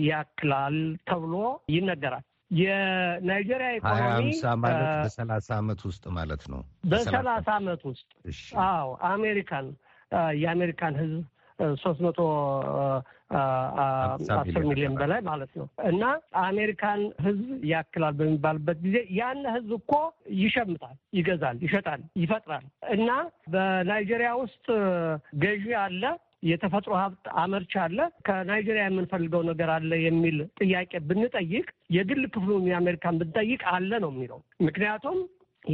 ያክላል ተብሎ ይነገራል። የናይጄሪያ ኢኮኖሚ ማለት በሰላሳ አመት ውስጥ ማለት ነው። በሰላሳ አመት ውስጥ አዎ፣ አሜሪካን የአሜሪካን ህዝብ ሶስት መቶ አስር ሚሊዮን በላይ ማለት ነው እና አሜሪካን ህዝብ ያክላል በሚባልበት ጊዜ ያን ህዝብ እኮ ይሸምታል፣ ይገዛል፣ ይሸጣል፣ ይፈጥራል እና በናይጄሪያ ውስጥ ገዢ አለ የተፈጥሮ ሀብት አመርች አለ፣ ከናይጄሪያ የምንፈልገው ነገር አለ የሚል ጥያቄ ብንጠይቅ የግል ክፍሉ የአሜሪካን ብንጠይቅ አለ ነው የሚለው። ምክንያቱም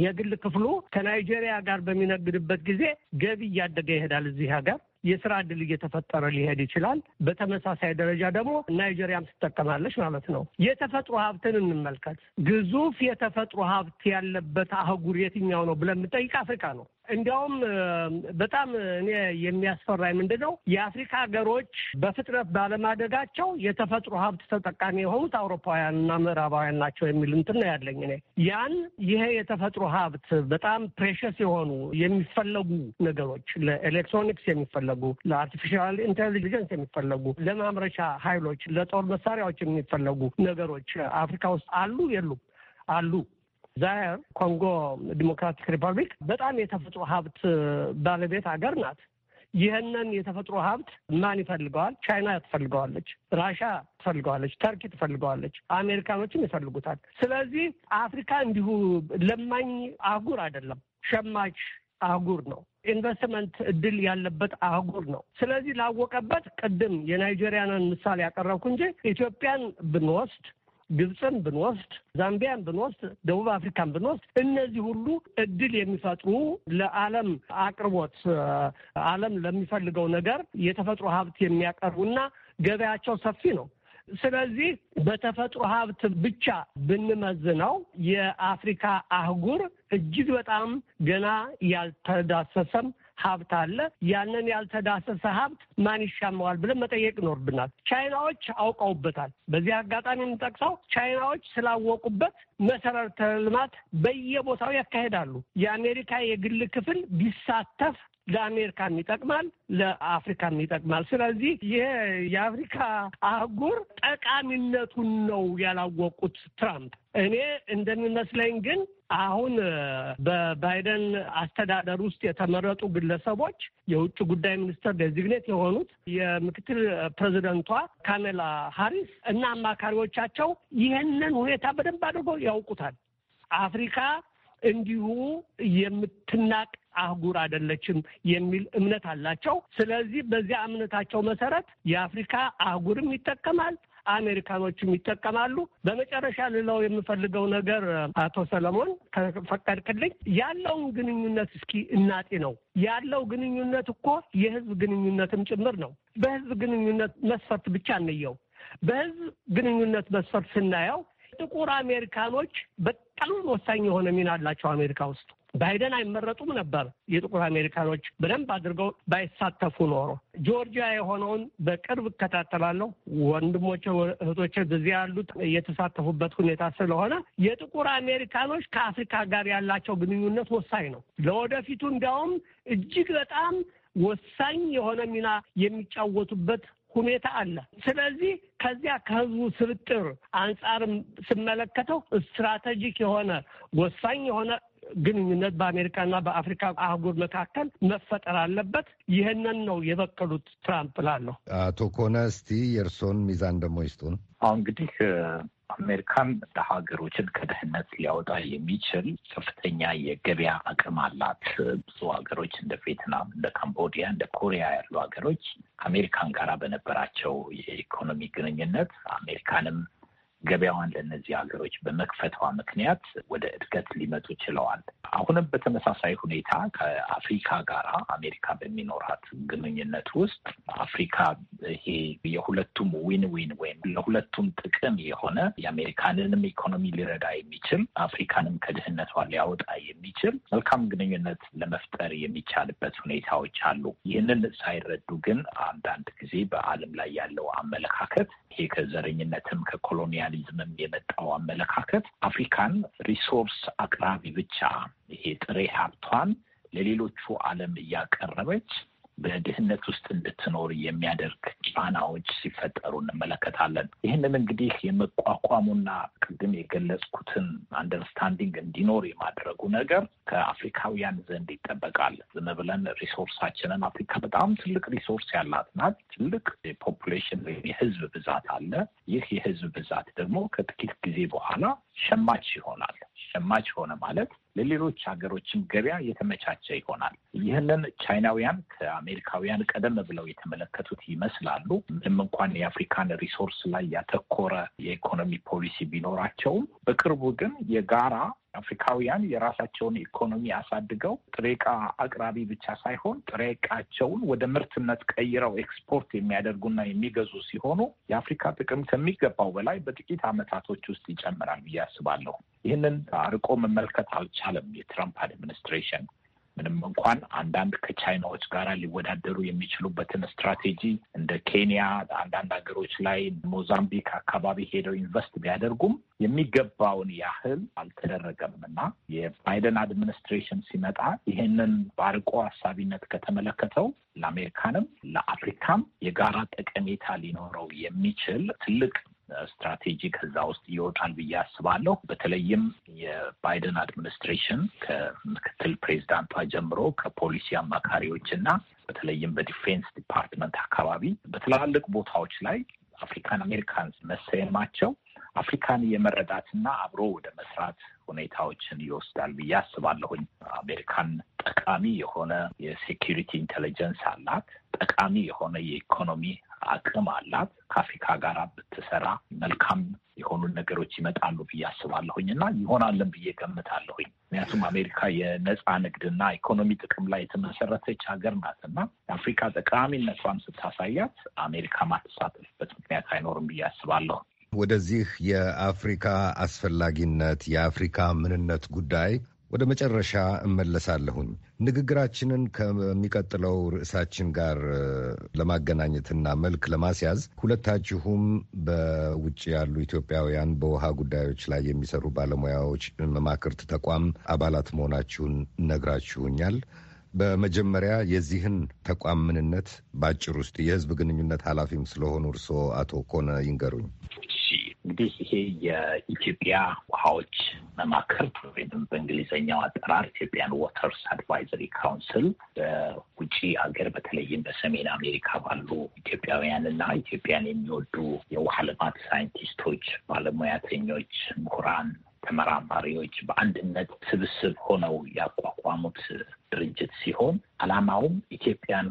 የግል ክፍሉ ከናይጄሪያ ጋር በሚነግድበት ጊዜ ገቢ እያደገ ይሄዳል እዚህ ሀገር የስራ እድል እየተፈጠረ ሊሄድ ይችላል። በተመሳሳይ ደረጃ ደግሞ ናይጄሪያም ትጠቀማለች ማለት ነው። የተፈጥሮ ሀብትን እንመልከት። ግዙፍ የተፈጥሮ ሀብት ያለበት አህጉር የትኛው ነው ብለን የምጠይቅ አፍሪካ ነው። እንዲያውም በጣም እኔ የሚያስፈራኝ ምንድን ነው የአፍሪካ ሀገሮች በፍጥነት ባለማደጋቸው የተፈጥሮ ሀብት ተጠቃሚ የሆኑት አውሮፓውያንና ምዕራባውያን ናቸው የሚል እንትን ነው ያለኝ እኔ ያን ይሄ የተፈጥሮ ሀብት በጣም ፕሬሸስ የሆኑ የሚፈለጉ ነገሮች ለኤሌክትሮኒክስ የሚፈለጉ ለአርቲፊሻል ኢንቴሊጀንስ የሚፈለጉ ለማምረቻ ኃይሎች ለጦር መሳሪያዎች የሚፈለጉ ነገሮች አፍሪካ ውስጥ አሉ የሉም? አሉ። ዛየር ኮንጎ ዲሞክራቲክ ሪፐብሊክ በጣም የተፈጥሮ ሀብት ባለቤት ሀገር ናት። ይህንን የተፈጥሮ ሀብት ማን ይፈልገዋል? ቻይና ትፈልገዋለች፣ ራሻ ትፈልገዋለች፣ ተርኪ ትፈልገዋለች፣ አሜሪካኖችም ይፈልጉታል። ስለዚህ አፍሪካ እንዲሁ ለማኝ አህጉር አይደለም፣ ሸማች አህጉር ነው። ኢንቨስትመንት እድል ያለበት አህጉር ነው። ስለዚህ ላወቀበት ቅድም የናይጄሪያንን ምሳሌ ያቀረብኩ እንጂ ኢትዮጵያን ብንወስድ ግብፅን ብንወስድ፣ ዛምቢያን ብንወስድ፣ ደቡብ አፍሪካን ብንወስድ እነዚህ ሁሉ እድል የሚፈጥሩ ለዓለም አቅርቦት ዓለም ለሚፈልገው ነገር የተፈጥሮ ሀብት የሚያቀርቡና ገበያቸው ሰፊ ነው። ስለዚህ በተፈጥሮ ሀብት ብቻ ብንመዝነው የአፍሪካ አህጉር እጅግ በጣም ገና ያልተዳሰሰም ሀብት አለ። ያንን ያልተዳሰሰ ሀብት ማን ይሻመዋል ብለን መጠየቅ ይኖርብናል። ቻይናዎች አውቀውበታል። በዚህ አጋጣሚ የምጠቅሰው ቻይናዎች ስላወቁበት መሰረተ ልማት በየቦታው ያካሄዳሉ። የአሜሪካ የግል ክፍል ቢሳተፍ ለአሜሪካም ይጠቅማል፣ ለአፍሪካም ይጠቅማል። ስለዚህ ይሄ የአፍሪካ አህጉር ጠቃሚነቱን ነው ያላወቁት ትራምፕ። እኔ እንደሚመስለኝ ግን አሁን በባይደን አስተዳደር ውስጥ የተመረጡ ግለሰቦች የውጭ ጉዳይ ሚኒስትር ዴዚግኔት የሆኑት የምክትል ፕሬዚደንቷ ካሜላ ሃሪስ እና አማካሪዎቻቸው ይህንን ሁኔታ በደንብ አድርገው ያውቁታል። አፍሪካ እንዲሁ የምትናቅ አህጉር አይደለችም የሚል እምነት አላቸው። ስለዚህ በዚያ እምነታቸው መሰረት የአፍሪካ አህጉርም ይጠቀማል፣ አሜሪካኖችም ይጠቀማሉ። በመጨረሻ ልለው የምፈልገው ነገር አቶ ሰለሞን ከፈቀድክልኝ ያለውን ግንኙነት እስኪ እናጤ ነው ያለው ግንኙነት እኮ የህዝብ ግንኙነትም ጭምር ነው። በህዝብ ግንኙነት መስፈርት ብቻ እንየው። በህዝብ ግንኙነት መስፈርት ስናየው ጥቁር አሜሪካኖች በጣም ወሳኝ የሆነ ሚና አላቸው አሜሪካ ውስጥ። ባይደን አይመረጡም ነበር የጥቁር አሜሪካኖች በደንብ አድርገው ባይሳተፉ ኖሮ። ጆርጂያ የሆነውን በቅርብ እከታተላለሁ። ወንድሞቼ እህቶቼ እዚያ ያሉት የተሳተፉበት ሁኔታ ስለሆነ የጥቁር አሜሪካኖች ከአፍሪካ ጋር ያላቸው ግንኙነት ወሳኝ ነው። ለወደፊቱ እንዲያውም እጅግ በጣም ወሳኝ የሆነ ሚና የሚጫወቱበት ሁኔታ አለ። ስለዚህ ከዚያ ከህዝቡ ስብጥር አንጻርም ስመለከተው ስትራቴጂክ የሆነ ወሳኝ የሆነ ግንኙነት በአሜሪካና በአፍሪካ አህጉር መካከል መፈጠር አለበት። ይህንን ነው የበቀሉት ትራምፕ ላለሁ። አቶ ኮነ እስቲ የእርሶን ሚዛን ደግሞ ይስጡን። አሁ እንግዲህ አሜሪካን ሀገሮችን ከድህነት ሊያወጣ የሚችል ከፍተኛ የገበያ አቅም አላት። ብዙ ሀገሮች እንደ ቬትናም፣ እንደ ካምቦዲያ፣ እንደ ኮሪያ ያሉ ሀገሮች ከአሜሪካን ጋራ በነበራቸው የኢኮኖሚ ግንኙነት አሜሪካንም ገበያዋን ለእነዚህ ሀገሮች በመክፈቷ ምክንያት ወደ እድገት ሊመጡ ችለዋል። አሁንም በተመሳሳይ ሁኔታ ከአፍሪካ ጋር አሜሪካ በሚኖራት ግንኙነት ውስጥ አፍሪካ ይሄ የሁለቱም ዊን ዊን ወይም ለሁለቱም ጥቅም የሆነ የአሜሪካንንም ኢኮኖሚ ሊረዳ የሚችል አፍሪካንም ከድህነቷ ሊያወጣ የሚችል መልካም ግንኙነት ለመፍጠር የሚቻልበት ሁኔታዎች አሉ። ይህንን ሳይረዱ ግን አንዳንድ ጊዜ በዓለም ላይ ያለው አመለካከት ይሄ ከዘረኝነትም ከኮሎኒያ ኮሎኒያሊዝምም የመጣው አመለካከት አፍሪካን ሪሶርስ አቅራቢ ብቻ ይሄ ጥሬ ሀብቷን ለሌሎቹ ዓለም እያቀረበች በድህነት ውስጥ እንድትኖር የሚያደርግ ጫናዎች ሲፈጠሩ እንመለከታለን። ይህንን እንግዲህ የመቋቋሙና ቅድም የገለጽኩትን አንደርስታንዲንግ እንዲኖር የማድረጉ ነገር ከአፍሪካውያን ዘንድ ይጠበቃል። ዝም ብለን ሪሶርሳችንን አፍሪካ በጣም ትልቅ ሪሶርስ ያላት ናት። ትልቅ የፖፑሌሽን ወይም የህዝብ ብዛት አለ። ይህ የህዝብ ብዛት ደግሞ ከጥቂት ጊዜ በኋላ ሸማች ይሆናል። ሸማች ሆነ ማለት ለሌሎች ሀገሮችም ገበያ የተመቻቸ ይሆናል። ይህንን ቻይናውያን ከአሜሪካውያን ቀደም ብለው የተመለከቱት ይመስላሉ። ምንም እንኳን የአፍሪካን ሪሶርስ ላይ ያተኮረ የኢኮኖሚ ፖሊሲ ቢኖራቸውም በቅርቡ ግን የጋራ አፍሪካውያን የራሳቸውን ኢኮኖሚ አሳድገው ጥሬ ዕቃ አቅራቢ ብቻ ሳይሆን ጥሬ ዕቃቸውን ወደ ምርትነት ቀይረው ኤክስፖርት የሚያደርጉና የሚገዙ ሲሆኑ የአፍሪካ ጥቅም ከሚገባው በላይ በጥቂት ዓመታቶች ውስጥ ይጨምራል ብዬ አስባለሁ። ይህንን አርቆ መመልከት አልቻ አልቻለም። የትራምፕ አድሚኒስትሬሽን ምንም እንኳን አንዳንድ ከቻይናዎች ጋር ሊወዳደሩ የሚችሉበትን ስትራቴጂ እንደ ኬንያ፣ አንዳንድ ሀገሮች ላይ ሞዛምቢክ አካባቢ ሄደው ኢንቨስት ቢያደርጉም የሚገባውን ያህል አልተደረገም እና የባይደን አድሚኒስትሬሽን ሲመጣ ይሄንን በአርቆ ሀሳቢነት ከተመለከተው ለአሜሪካንም ለአፍሪካም የጋራ ጠቀሜታ ሊኖረው የሚችል ትልቅ ስትራቴጂ ከዛ ውስጥ ይወጣል ብዬ አስባለሁ። በተለይም የባይደን አድሚኒስትሬሽን ከምክትል ፕሬዚዳንቷ ጀምሮ ከፖሊሲ አማካሪዎች እና በተለይም በዲፌንስ ዲፓርትመንት አካባቢ በትላልቅ ቦታዎች ላይ አፍሪካን አሜሪካን መሰየማቸው አፍሪካን የመረዳትና አብሮ ወደ መስራት ሁኔታዎችን ይወስዳል ብዬ አስባለሁኝ። አሜሪካን ጠቃሚ የሆነ የሴኪሪቲ ኢንቴሊጀንስ አላት። ጠቃሚ የሆነ የኢኮኖሚ አቅም አላት። ከአፍሪካ ጋር ብትሰራ መልካም የሆኑ ነገሮች ይመጣሉ ብዬ አስባለሁኝ እና ይሆናለን ብዬ ገምታለሁኝ። ምክንያቱም አሜሪካ የነፃ ንግድና ኢኮኖሚ ጥቅም ላይ የተመሰረተች ሀገር ናት እና የአፍሪካ ጠቃሚነቷን ስታሳያት አሜሪካ ማትሳተፍበት ምክንያት አይኖርም ብዬ አስባለሁ። ወደዚህ የአፍሪካ አስፈላጊነት የአፍሪካ ምንነት ጉዳይ ወደ መጨረሻ እመለሳለሁኝ። ንግግራችንን ከሚቀጥለው ርዕሳችን ጋር ለማገናኘትና መልክ ለማስያዝ ሁለታችሁም በውጭ ያሉ ኢትዮጵያውያን በውሃ ጉዳዮች ላይ የሚሰሩ ባለሙያዎች መማክርት ተቋም አባላት መሆናችሁን ነግራችሁኛል። በመጀመሪያ የዚህን ተቋም ምንነት በአጭር ውስጥ የህዝብ ግንኙነት ኃላፊም ስለሆኑ እርስዎ አቶ ኮነ ይንገሩኝ። እንግዲህ ይሄ የኢትዮጵያ ውሃዎች መማክር ወይም በእንግሊዝኛው አጠራር ኢትዮጵያን ዋተርስ አድቫይዘሪ ካውንስል በውጪ ሀገር በተለይም በሰሜን አሜሪካ ባሉ ኢትዮጵያውያን እና ኢትዮጵያን የሚወዱ የውሃ ልማት ሳይንቲስቶች፣ ባለሙያተኞች፣ ምሁራን ተመራማሪዎች በአንድነት ስብስብ ሆነው ያቋቋሙት ድርጅት ሲሆን ዓላማውም ኢትዮጵያን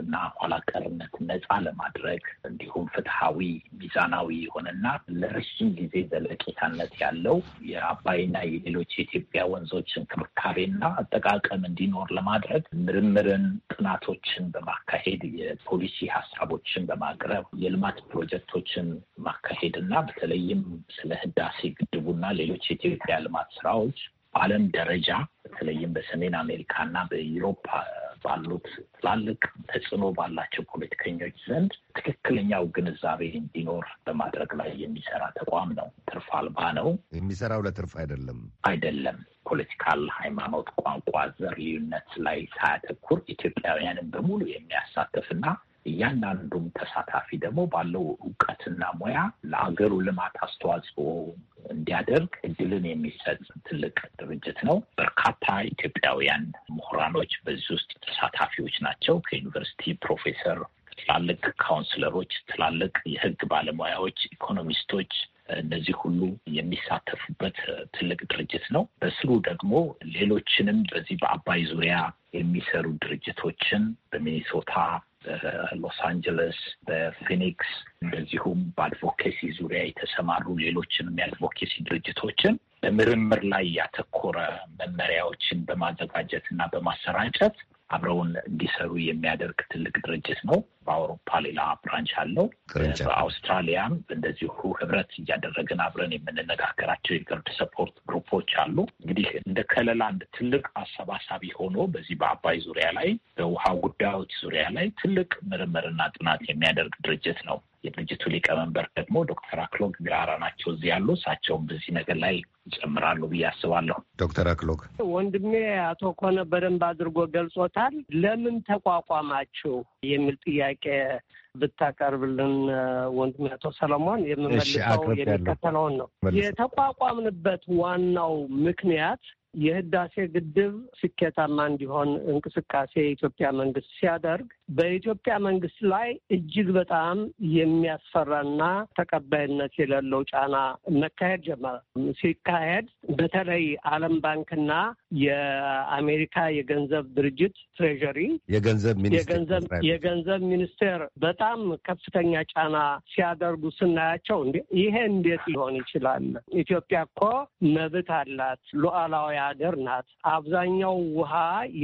እና ኋላቀርነት ነፃ ለማድረግ እንዲሁም ፍትሐዊ፣ ሚዛናዊ የሆነና ለረዥም ጊዜ ዘለቄታነት ያለው የአባይና የሌሎች የኢትዮጵያ ወንዞች እንክብካቤና አጠቃቀም እንዲኖር ለማድረግ ምርምርን፣ ጥናቶችን በማካሄድ የፖሊሲ ሀሳቦችን በማቅረብ የልማት ፕሮጀክቶችን ማካሄድና በተለይም ስለ ህዳሴ ግድቡና ሌሎች የኢትዮጵያ ልማት ስራዎች በዓለም ደረጃ በተለይም በሰሜን አሜሪካ እና በዩሮፓ ባሉት ትላልቅ ተጽዕኖ ባላቸው ፖለቲከኞች ዘንድ ትክክለኛው ግንዛቤ እንዲኖር በማድረግ ላይ የሚሰራ ተቋም ነው። ትርፍ አልባ ነው። የሚሰራው ለትርፍ አይደለም አይደለም። ፖለቲካል፣ ሃይማኖት፣ ቋንቋ፣ ዘር ልዩነት ላይ ሳያተኩር ኢትዮጵያውያንን በሙሉ የሚያሳተፍና። እያንዳንዱም ተሳታፊ ደግሞ ባለው እውቀትና ሙያ ለአገሩ ልማት አስተዋጽኦ እንዲያደርግ እድልን የሚሰጥ ትልቅ ድርጅት ነው። በርካታ ኢትዮጵያውያን ምሁራኖች በዚህ ውስጥ ተሳታፊዎች ናቸው። ከዩኒቨርሲቲ ፕሮፌሰር፣ ትላልቅ ካውንስለሮች፣ ትላልቅ የህግ ባለሙያዎች፣ ኢኮኖሚስቶች እነዚህ ሁሉ የሚሳተፉበት ትልቅ ድርጅት ነው። በስሩ ደግሞ ሌሎችንም በዚህ በአባይ ዙሪያ የሚሰሩ ድርጅቶችን በሚኒሶታ በሎስ አንጀለስ፣ በፊኒክስ እንደዚሁም በአድቮኬሲ ዙሪያ የተሰማሩ ሌሎችንም የአድቮኬሲ ድርጅቶችን በምርምር ላይ ያተኮረ መመሪያዎችን በማዘጋጀት እና በማሰራጨት አብረውን እንዲሰሩ የሚያደርግ ትልቅ ድርጅት ነው። በአውሮፓ ሌላ ብራንች አለው። በአውስትራሊያም እንደዚሁ ህብረት እያደረግን አብረን የምንነጋገራቸው የገርድ ሰፖርት ግሩፖች አሉ። እንግዲህ እንደ ከለላ አንድ ትልቅ አሰባሳቢ ሆኖ በዚህ በአባይ ዙሪያ ላይ በውሃ ጉዳዮች ዙሪያ ላይ ትልቅ ምርምርና ጥናት የሚያደርግ ድርጅት ነው። የድርጅቱ ሊቀመንበር ደግሞ ዶክተር አክሎግ ቢራራ ናቸው እዚህ ያሉ። እሳቸውም በዚህ ነገር ላይ ይጨምራሉ ብዬ አስባለሁ። ዶክተር አክሎግ ወንድሜ አቶ ኮነ በደንብ አድርጎ ገልጾታል። ለምን ተቋቋማችሁ የሚል ጥያቄ ብታቀርብልን ወንድሜ አቶ ሰለሞን የምመልሰው የሚከተለውን ነው። የተቋቋምንበት ዋናው ምክንያት የህዳሴ ግድብ ስኬታማ እንዲሆን እንቅስቃሴ የኢትዮጵያ መንግስት ሲያደርግ በኢትዮጵያ መንግስት ላይ እጅግ በጣም የሚያስፈራና ተቀባይነት የሌለው ጫና መካሄድ ጀመረ። ሲካሄድ በተለይ ዓለም ባንክና የአሜሪካ የገንዘብ ድርጅት ትሬሪ የገንዘብ ሚኒስቴር በጣም ከፍተኛ ጫና ሲያደርጉ ስናያቸው ይሄ እንዴት ሊሆን ይችላል? ኢትዮጵያ እኮ መብት አላት፣ ሉዓላዊ ሀገር ናት። አብዛኛው ውሃ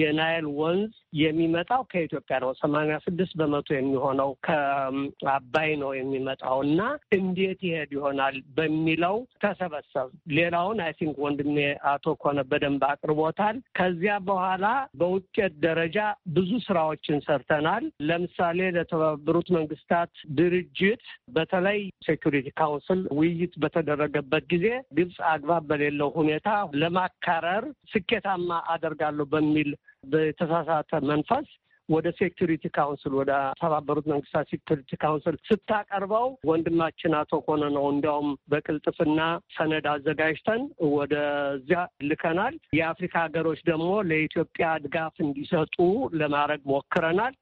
የናይል ወንዝ የሚመጣው ከኢትዮጵያ ነው። ሰማንያ ስድስት በመቶ የሚሆነው ከአባይ ነው የሚመጣው እና እንዴት ይሄድ ይሆናል በሚለው ተሰበሰብ። ሌላውን አይ ቲንክ ወንድሜ አቶ ኮነ በደንብ አቅርቦታል። ከዚያ በኋላ በውጤት ደረጃ ብዙ ስራዎችን ሰርተናል። ለምሳሌ ለተባበሩት መንግስታት ድርጅት በተለይ ሴኩሪቲ ካውንስል ውይይት በተደረገበት ጊዜ ግብፅ አግባብ በሌለው ሁኔታ ለማካረር ስኬታማ አደርጋለሁ በሚል በተሳሳተ መንፈስ ወደ ሴኪሪቲ ካውንስል ወደ ተባበሩት መንግስታት ሴኪሪቲ ካውንስል ስታቀርበው ወንድማችን አቶ ኮነ ነው እንዲያውም በቅልጥፍና ሰነድ አዘጋጅተን ወደዚያ ልከናል። የአፍሪካ ሀገሮች ደግሞ ለኢትዮጵያ ድጋፍ እንዲሰጡ ለማድረግ ሞክረናል።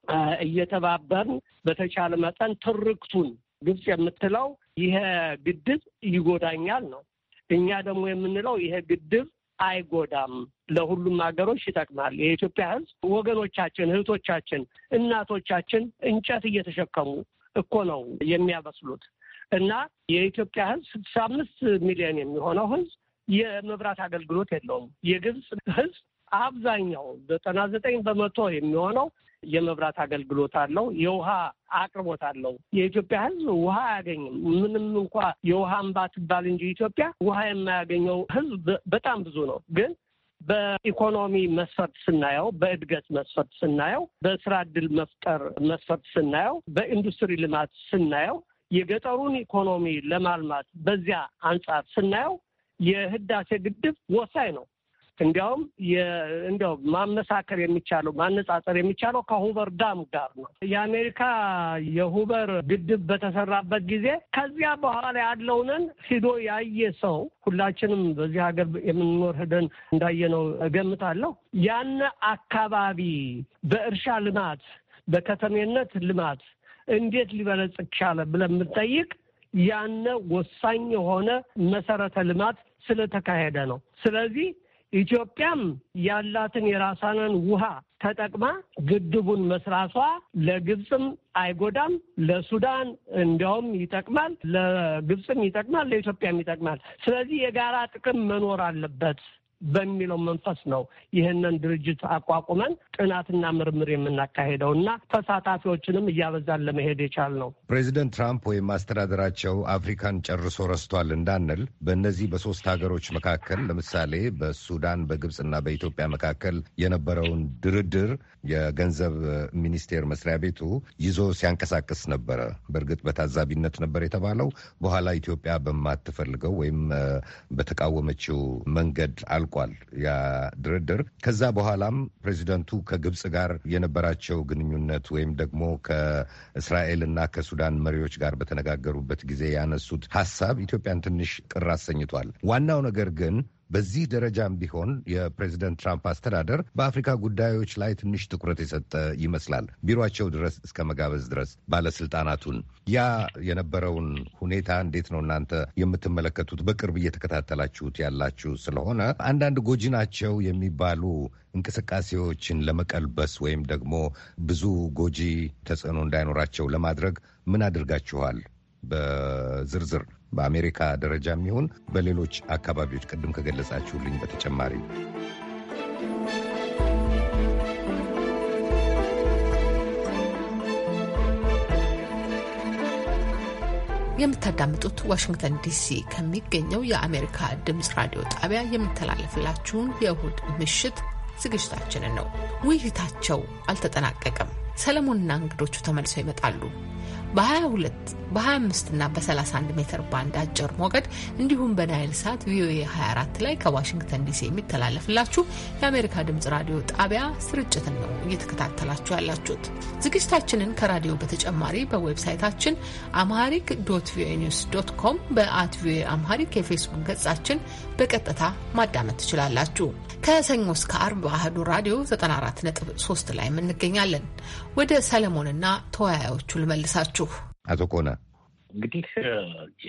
እየተባበርን በተቻለ መጠን ትርክቱን ግብጽ የምትለው ይሄ ግድብ ይጎዳኛል ነው። እኛ ደግሞ የምንለው ይሄ ግድብ አይጎዳም፣ ለሁሉም ሀገሮች ይጠቅማል። የኢትዮጵያ ሕዝብ ወገኖቻችን፣ እህቶቻችን፣ እናቶቻችን እንጨት እየተሸከሙ እኮ ነው የሚያበስሉት እና የኢትዮጵያ ሕዝብ ስድሳ አምስት ሚሊዮን የሚሆነው ሕዝብ የመብራት አገልግሎት የለውም። የግብፅ ሕዝብ አብዛኛው ዘጠና ዘጠኝ በመቶ የሚሆነው የመብራት አገልግሎት አለው፣ የውሃ አቅርቦት አለው። የኢትዮጵያ ሕዝብ ውሃ አያገኝም። ምንም እንኳ የውሃ እንባ ትባል እንጂ ኢትዮጵያ ውሃ የማያገኘው ሕዝብ በጣም ብዙ ነው ግን በኢኮኖሚ መስፈርት ስናየው፣ በእድገት መስፈርት ስናየው፣ በስራ እድል መፍጠር መስፈርት ስናየው፣ በኢንዱስትሪ ልማት ስናየው፣ የገጠሩን ኢኮኖሚ ለማልማት በዚያ አንጻር ስናየው የህዳሴ ግድብ ወሳኝ ነው። እንዲያውም እንዲያው ማመሳከር የሚቻለው ማነጻጸር የሚቻለው ከሁበር ዳም ጋር ነው። የአሜሪካ የሁበር ግድብ በተሰራበት ጊዜ ከዚያ በኋላ ያለውንን ሂዶ ያየ ሰው ሁላችንም በዚህ ሀገር የምንኖር ሄደን እንዳየነው እገምታለሁ። ያን አካባቢ በእርሻ ልማት፣ በከተሜነት ልማት እንዴት ሊበለጽግ ቻለ ብለን የምንጠይቅ ያነ ወሳኝ የሆነ መሰረተ ልማት ስለተካሄደ ነው። ስለዚህ ኢትዮጵያም ያላትን የራሳንን ውሃ ተጠቅማ ግድቡን መስራቷ ለግብፅም አይጎዳም፣ ለሱዳን እንዲያውም ይጠቅማል። ለግብፅም ይጠቅማል፣ ለኢትዮጵያም ይጠቅማል። ስለዚህ የጋራ ጥቅም መኖር አለበት በሚለው መንፈስ ነው ይህንን ድርጅት አቋቁመን ጥናትና ምርምር የምናካሄደው እና ተሳታፊዎችንም እያበዛን ለመሄድ የቻል ነው። ፕሬዚደንት ትራምፕ ወይም አስተዳደራቸው አፍሪካን ጨርሶ ረስቷል እንዳንል በእነዚህ በሶስት ሀገሮች መካከል ለምሳሌ በሱዳን በግብፅና በኢትዮጵያ መካከል የነበረውን ድርድር የገንዘብ ሚኒስቴር መስሪያ ቤቱ ይዞ ሲያንቀሳቅስ ነበረ። በእርግጥ በታዛቢነት ነበር የተባለው። በኋላ ኢትዮጵያ በማትፈልገው ወይም በተቃወመችው መንገድ አል ተጠናቋል ያ ድርድር። ከዛ በኋላም ፕሬዚደንቱ ከግብፅ ጋር የነበራቸው ግንኙነት ወይም ደግሞ ከእስራኤል እና ከሱዳን መሪዎች ጋር በተነጋገሩበት ጊዜ ያነሱት ሀሳብ ኢትዮጵያን ትንሽ ቅር አሰኝቷል። ዋናው ነገር ግን በዚህ ደረጃም ቢሆን የፕሬዚደንት ትራምፕ አስተዳደር በአፍሪካ ጉዳዮች ላይ ትንሽ ትኩረት የሰጠ ይመስላል፣ ቢሮቸው ድረስ እስከ መጋበዝ ድረስ ባለስልጣናቱን። ያ የነበረውን ሁኔታ እንዴት ነው እናንተ የምትመለከቱት? በቅርብ እየተከታተላችሁት ያላችሁ ስለሆነ አንዳንድ ጎጂ ናቸው የሚባሉ እንቅስቃሴዎችን ለመቀልበስ ወይም ደግሞ ብዙ ጎጂ ተጽዕኖ እንዳይኖራቸው ለማድረግ ምን አድርጋችኋል? በዝርዝር በአሜሪካ ደረጃ የሚሆን በሌሎች አካባቢዎች ቅድም ከገለጻችሁልኝ በተጨማሪ የምታዳምጡት ዋሽንግተን ዲሲ ከሚገኘው የአሜሪካ ድምፅ ራዲዮ ጣቢያ የምተላለፍላችሁን የእሁድ ምሽት ዝግጅታችንን ነው። ውይይታቸው አልተጠናቀቀም። ሰለሞንና እንግዶቹ ተመልሰው ይመጣሉ። በ22 በ25 እና በ31 ሜትር ባንድ አጭር ሞገድ እንዲሁም በናይል ሳት ቪኦኤ 24 ላይ ከዋሽንግተን ዲሲ የሚተላለፍላችሁ የአሜሪካ ድምጽ ራዲዮ ጣቢያ ስርጭትን ነው እየተከታተላችሁ ያላችሁት። ዝግጅታችንን ከራዲዮ በተጨማሪ በዌብሳይታችን አምሃሪክ ዶት ቪኦኤ ኒውስ ዶት ኮም፣ በአት ቪኦኤ አምሃሪክ የፌስቡክ ገጻችን በቀጥታ ማዳመጥ ትችላላችሁ። ከሰኞ እስከ አርብ በአህዱ ራዲዮ 94.3 ላይ እንገኛለን። ወደ ሰለሞንና ተወያዮቹ ልመልሳችሁ። አቶ ኮነ እንግዲህ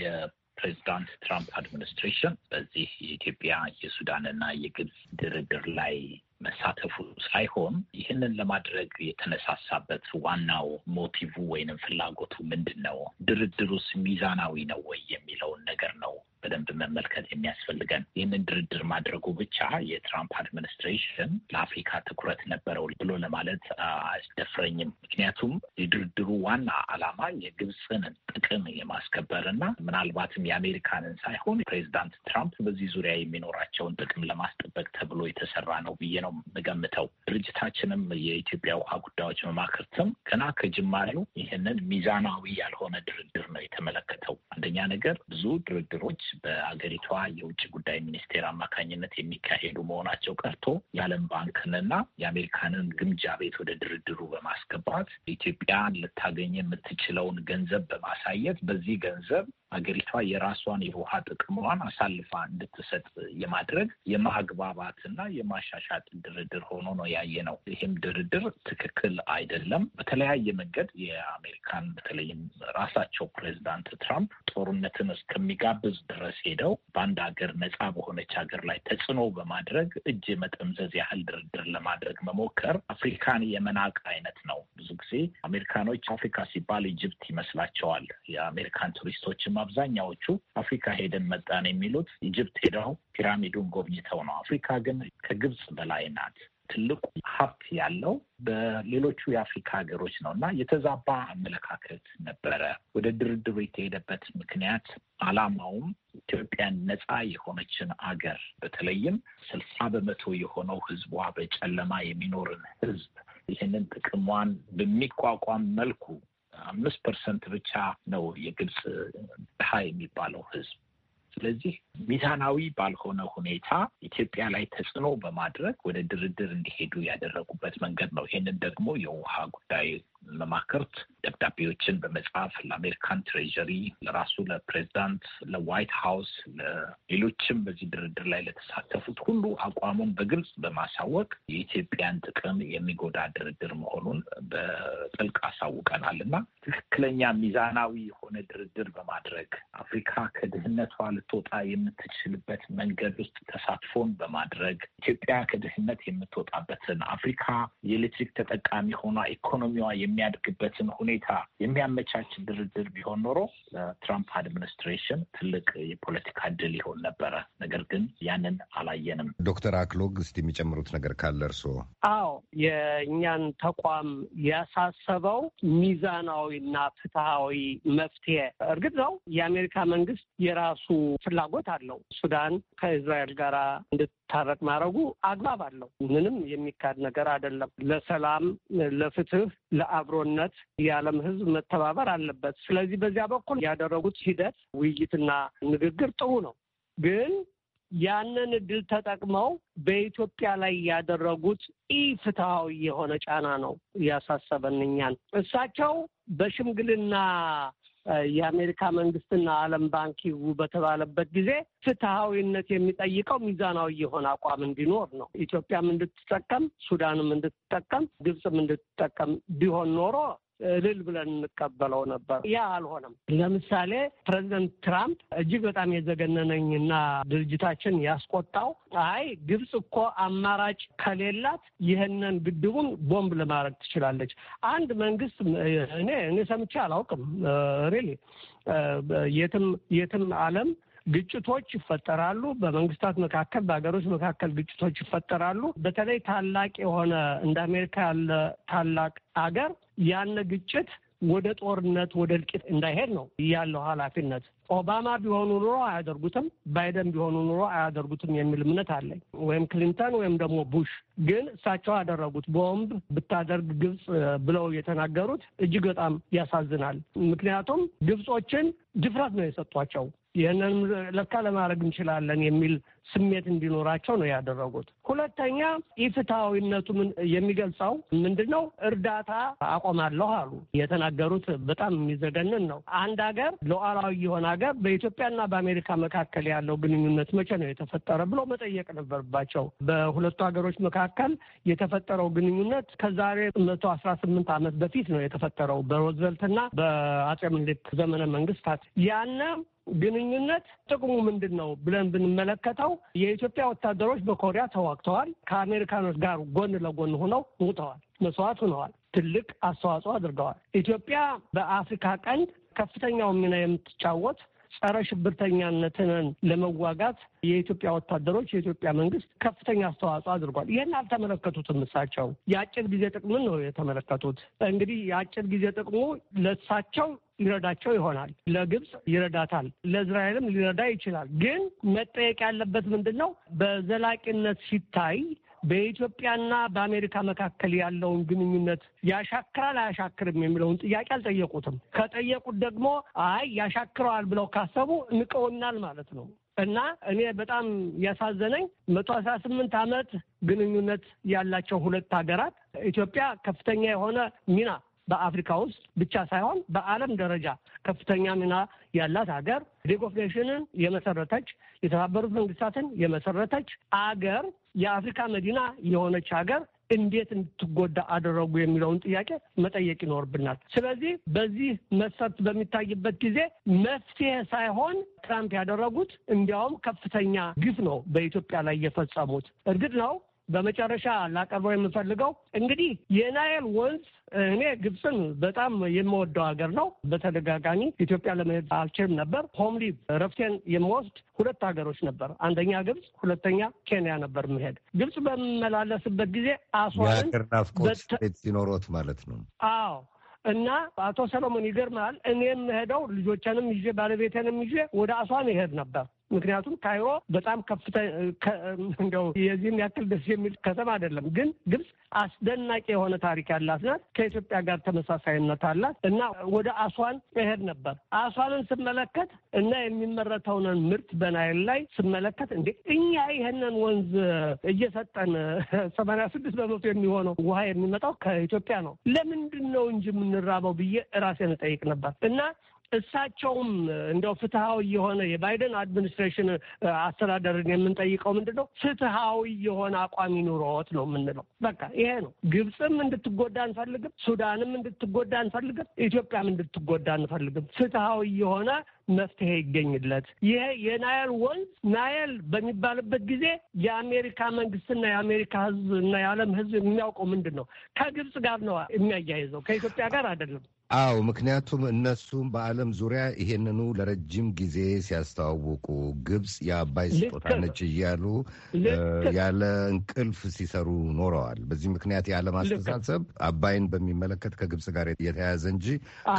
የፕሬዚዳንት ትራምፕ አድሚኒስትሬሽን በዚህ የኢትዮጵያ የሱዳንና የግብፅ ድርድር ላይ መሳተፉ ሳይሆን ይህንን ለማድረግ የተነሳሳበት ዋናው ሞቲቭ ወይንም ፍላጎቱ ምንድን ነው፣ ድርድሩስ ሚዛናዊ ነው ወይ የሚለውን ነገር ነው በደንብ መመልከት የሚያስፈልገን ይህንን ድርድር ማድረጉ ብቻ የትራምፕ አድሚኒስትሬሽን ለአፍሪካ ትኩረት ነበረው ብሎ ለማለት አያስደፍረኝም። ምክንያቱም የድርድሩ ዋና ዓላማ የግብፅን ጥቅም የማስከበር ና ምናልባትም የአሜሪካንን ሳይሆን ፕሬዚዳንት ትራምፕ በዚህ ዙሪያ የሚኖራቸውን ጥቅም ለማስጠበቅ ተብሎ የተሰራ ነው ብዬ ነው የምገምተው። ድርጅታችንም የኢትዮጵያ ውሃ ጉዳዮች መማክርትም ገና ከጅማሬው ይህንን ሚዛናዊ ያልሆነ ድርድር ነው የተመለከተው። አንደኛ ነገር ብዙ ድርድሮች በሀገሪቷ የውጭ ጉዳይ ሚኒስቴር አማካኝነት የሚካሄዱ መሆናቸው ቀርቶ የዓለም ባንክንና የአሜሪካንን ግምጃ ቤት ወደ ድርድሩ በማስገባት ኢትዮጵያ ልታገኝ የምትችለውን ገንዘብ በማሳየት በዚህ ገንዘብ አገሪቷ የራሷን የውሃ ጥቅሟን አሳልፋ እንድትሰጥ የማድረግ የማግባባትና የማሻሻጥ ድርድር ሆኖ ነው ያየ ነው። ይህም ድርድር ትክክል አይደለም። በተለያየ መንገድ የአሜሪካን በተለይም ራሳቸው ፕሬዚዳንት ትራምፕ ጦርነትን እስከሚጋብዝ ድረስ ሄደው በአንድ ሀገር ነጻ በሆነች ሀገር ላይ ተጽዕኖ በማድረግ እጅ መጠምዘዝ ያህል ድርድር ለማድረግ መሞከር አፍሪካን የመናቅ አይነት ነው። ብዙ ጊዜ አሜሪካኖች አፍሪካ ሲባል ኢጅፕት ይመስላቸዋል። የአሜሪካን ቱሪስቶችም አብዛኛዎቹ አፍሪካ ሄደን መጣን የሚሉት ኢጅፕት ሄደው ፒራሚዱን ጎብኝተው ነው። አፍሪካ ግን ከግብፅ በላይ ናት። ትልቁ ሀብት ያለው በሌሎቹ የአፍሪካ ሀገሮች ነው እና የተዛባ አመለካከት ነበረ። ወደ ድርድሩ የተሄደበት ምክንያት አላማውም ኢትዮጵያን ነፃ የሆነችን አገር በተለይም ስልሳ በመቶ የሆነው ህዝቧ በጨለማ የሚኖርን ህዝብ ይህንን ጥቅሟን በሚቋቋም መልኩ አምስት ፐርሰንት ብቻ ነው የግብፅ ድሃ የሚባለው ህዝብ። ስለዚህ ሚዛናዊ ባልሆነ ሁኔታ ኢትዮጵያ ላይ ተጽዕኖ በማድረግ ወደ ድርድር እንዲሄዱ ያደረጉበት መንገድ ነው። ይህንን ደግሞ የውሃ ጉዳይ መማክርት ደብዳቤዎችን በመጻፍ ለአሜሪካን ትሬዥሪ፣ ለራሱ ለፕሬዚዳንት፣ ለዋይት ሀውስ፣ ለሌሎችም በዚህ ድርድር ላይ ለተሳተፉት ሁሉ አቋሙን በግልጽ በማሳወቅ የኢትዮጵያን ጥቅም የሚጎዳ ድርድር መሆኑን በጥልቅ አሳውቀናል እና ትክክለኛ ሚዛናዊ የሆነ ድርድር በማድረግ አፍሪካ ከድህነቷ ልትወጣ የምትችልበት መንገድ ውስጥ ተሳትፎን በማድረግ ኢትዮጵያ ከድህነት የምትወጣበትን አፍሪካ የኤሌክትሪክ ተጠቃሚ ሆኗ ኢኮኖሚዋ የሚያድግበትን ሁኔታ የሚያመቻች ድርድር ቢሆን ኖሮ ለትራምፕ አድሚኒስትሬሽን ትልቅ የፖለቲካ ድል ይሆን ነበረ። ነገር ግን ያንን አላየንም። ዶክተር አክሎግ እስቲ የሚጨምሩት ነገር ካለ እርስዎ። አዎ የእኛን ተቋም ያሳሰበው ሚዛናዊና ፍትሃዊ መፍትሄ እርግጥ ነው የአሜሪካ መንግስት የራሱ ፍላጎት አለው ሱዳን ከእስራኤል ጋራ እንድት እንዲታረቅ ማድረጉ አግባብ አለው። ምንም የሚካድ ነገር አይደለም። ለሰላም፣ ለፍትህ፣ ለአብሮነት የዓለም ህዝብ መተባበር አለበት። ስለዚህ በዚያ በኩል ያደረጉት ሂደት ውይይትና ንግግር ጥሩ ነው። ግን ያንን እድል ተጠቅመው በኢትዮጵያ ላይ ያደረጉት ኢፍትሐዊ የሆነ ጫና ነው ያሳሰበን እኛን። እሳቸው በሽምግልና የአሜሪካ መንግስትና ዓለም ባንክ ይው በተባለበት ጊዜ ፍትሐዊነት የሚጠይቀው ሚዛናዊ የሆነ አቋም እንዲኖር ነው። ኢትዮጵያም እንድትጠቀም፣ ሱዳንም እንድትጠቀም፣ ግብፅም እንድትጠቀም ቢሆን ኖሮ እልል ብለን እንቀበለው ነበር። ያ አልሆነም። ለምሳሌ ፕሬዚደንት ትራምፕ እጅግ በጣም የዘገነነኝ ና ድርጅታችን ያስቆጣው አይ ግብፅ እኮ አማራጭ ከሌላት ይህንን ግድቡን ቦምብ ለማድረግ ትችላለች። አንድ መንግስት እኔ እኔ ሰምቼ አላውቅም ሪሊ የትም የትም አለም ግጭቶች ይፈጠራሉ። በመንግስታት መካከል፣ በሀገሮች መካከል ግጭቶች ይፈጠራሉ። በተለይ ታላቅ የሆነ እንደ አሜሪካ ያለ ታላቅ አገር ያን ግጭት ወደ ጦርነት ወደ እልቂት እንዳይሄድ ነው ያለው ኃላፊነት። ኦባማ ቢሆኑ ኑሮ አያደርጉትም፣ ባይደን ቢሆኑ ኑሮ አያደርጉትም የሚል እምነት አለኝ። ወይም ክሊንተን ወይም ደግሞ ቡሽ። ግን እሳቸው አደረጉት። ቦምብ ብታደርግ ግብፅ ብለው የተናገሩት እጅግ በጣም ያሳዝናል። ምክንያቱም ግብጾችን ድፍረት ነው የሰጧቸው። ይህንንም ለካ ለማድረግ እንችላለን የሚል ስሜት እንዲኖራቸው ነው ያደረጉት። ሁለተኛ ኢፍትሐዊነቱም የሚገልጸው ምንድን ነው? እርዳታ አቆማለሁ አሉ። የተናገሩት በጣም የሚዘገንን ነው። አንድ ሀገር ሉዓላዊ የሆነ ሀገር በኢትዮጵያና በአሜሪካ መካከል ያለው ግንኙነት መቼ ነው የተፈጠረ ብሎ መጠየቅ ነበርባቸው። በሁለቱ ሀገሮች መካከል የተፈጠረው ግንኙነት ከዛሬ መቶ አስራ ስምንት ዓመት በፊት ነው የተፈጠረው በሮዝቨልትና በአጼ ምኒልክ ዘመነ መንግስታት ያነ ግንኙነት ጥቅሙ ምንድን ነው ብለን ብንመለከተው የኢትዮጵያ ወታደሮች በኮሪያ ተዋግተዋል። ከአሜሪካኖች ጋር ጎን ለጎን ሆነው ውጠዋል፣ መስዋዕት ሆነዋል፣ ትልቅ አስተዋጽኦ አድርገዋል። ኢትዮጵያ በአፍሪካ ቀንድ ከፍተኛው ሚና የምትጫወት ጸረ ሽብርተኛነትን ለመዋጋት የኢትዮጵያ ወታደሮች የኢትዮጵያ መንግስት ከፍተኛ አስተዋጽኦ አድርጓል። ይህን አልተመለከቱትም። እሳቸው የአጭር ጊዜ ጥቅምን ነው የተመለከቱት። እንግዲህ የአጭር ጊዜ ጥቅሙ ለእሳቸው ይረዳቸው ይሆናል። ለግብፅ ይረዳታል፣ ለእስራኤልም ሊረዳ ይችላል። ግን መጠየቅ ያለበት ምንድን ነው? በዘላቂነት ሲታይ በኢትዮጵያና በአሜሪካ መካከል ያለውን ግንኙነት ያሻክራል አያሻክርም የሚለውን ጥያቄ አልጠየቁትም። ከጠየቁት ደግሞ አይ ያሻክረዋል ብለው ካሰቡ ንቀውናል ማለት ነው። እና እኔ በጣም ያሳዘነኝ መቶ አስራ ስምንት ዓመት ግንኙነት ያላቸው ሁለት ሀገራት ኢትዮጵያ ከፍተኛ የሆነ ሚና በአፍሪካ ውስጥ ብቻ ሳይሆን በዓለም ደረጃ ከፍተኛ ሚና ያላት ሀገር ሊግ ኦፍ ኔሽንን የመሰረተች የተባበሩት መንግስታትን የመሰረተች አገር የአፍሪካ መዲና የሆነች ሀገር እንዴት እንድትጎዳ አደረጉ የሚለውን ጥያቄ መጠየቅ ይኖርብናል። ስለዚህ በዚህ መስፈርት በሚታይበት ጊዜ መፍትሄ ሳይሆን ትራምፕ ያደረጉት እንዲያውም ከፍተኛ ግፍ ነው በኢትዮጵያ ላይ የፈጸሙት። እርግጥ ነው በመጨረሻ ላቀርበው የምፈልገው እንግዲህ የናይል ወንዝ እኔ ግብፅን በጣም የምወደው ሀገር ነው። በተደጋጋሚ ኢትዮጵያ ለመሄድ አልችልም ነበር። ሆምሊ ረፍቴን የምወስድ ሁለት ሀገሮች ነበር። አንደኛ ግብፅ፣ ሁለተኛ ኬንያ ነበር የምሄድ። ግብፅ በምመላለስበት ጊዜ አስዋን ሲኖሮት ማለት ነው። አዎ እና አቶ ሰለሞን ይገርማል። እኔ የምሄደው ልጆችንም ይዤ ባለቤቴንም ይዤ ወደ አስዋን ይሄድ ነበር። ምክንያቱም ካይሮ በጣም ከፍተ እንደው የዚህም ያክል ደስ የሚል ከተማ አይደለም፣ ግን ግብጽ አስደናቂ የሆነ ታሪክ ያላት ናት። ከኢትዮጵያ ጋር ተመሳሳይነት አላት እና ወደ አስዋን መሄድ ነበር። አስዋንን ስመለከት እና የሚመረተውን ምርት በናይል ላይ ስመለከት እንዴ እኛ ይህንን ወንዝ እየሰጠን ሰማንያ ስድስት በመቶ የሚሆነው ውሃ የሚመጣው ከኢትዮጵያ ነው። ለምንድን ነው እንጂ የምንራበው ብዬ ራሴን እጠይቅ ነበር እና እሳቸውም እንደው ፍትሐዊ የሆነ የባይደን አድሚኒስትሬሽን አስተዳደርን የምንጠይቀው ምንድን ነው? ፍትሐዊ የሆነ አቋም ይኑሮት ነው የምንለው። በቃ ይሄ ነው። ግብፅም እንድትጎዳ አንፈልግም፣ ሱዳንም እንድትጎዳ አንፈልግም፣ ኢትዮጵያም እንድትጎዳ አንፈልግም። ፍትሐዊ የሆነ መፍትሄ ይገኝለት። ይሄ የናይል ወንዝ ናይል በሚባልበት ጊዜ የአሜሪካ መንግስትና የአሜሪካ ህዝብ እና የዓለም ህዝብ የሚያውቀው ምንድን ነው? ከግብፅ ጋር ነው የሚያያይዘው፣ ከኢትዮጵያ ጋር አይደለም። አዎ፣ ምክንያቱም እነሱም በዓለም ዙሪያ ይሄንኑ ለረጅም ጊዜ ሲያስተዋውቁ ግብፅ የአባይ ስጦታ ነች እያሉ ያለ እንቅልፍ ሲሰሩ ኖረዋል። በዚህ ምክንያት የዓለም አስተሳሰብ አባይን በሚመለከት ከግብፅ ጋር የተያያዘ እንጂ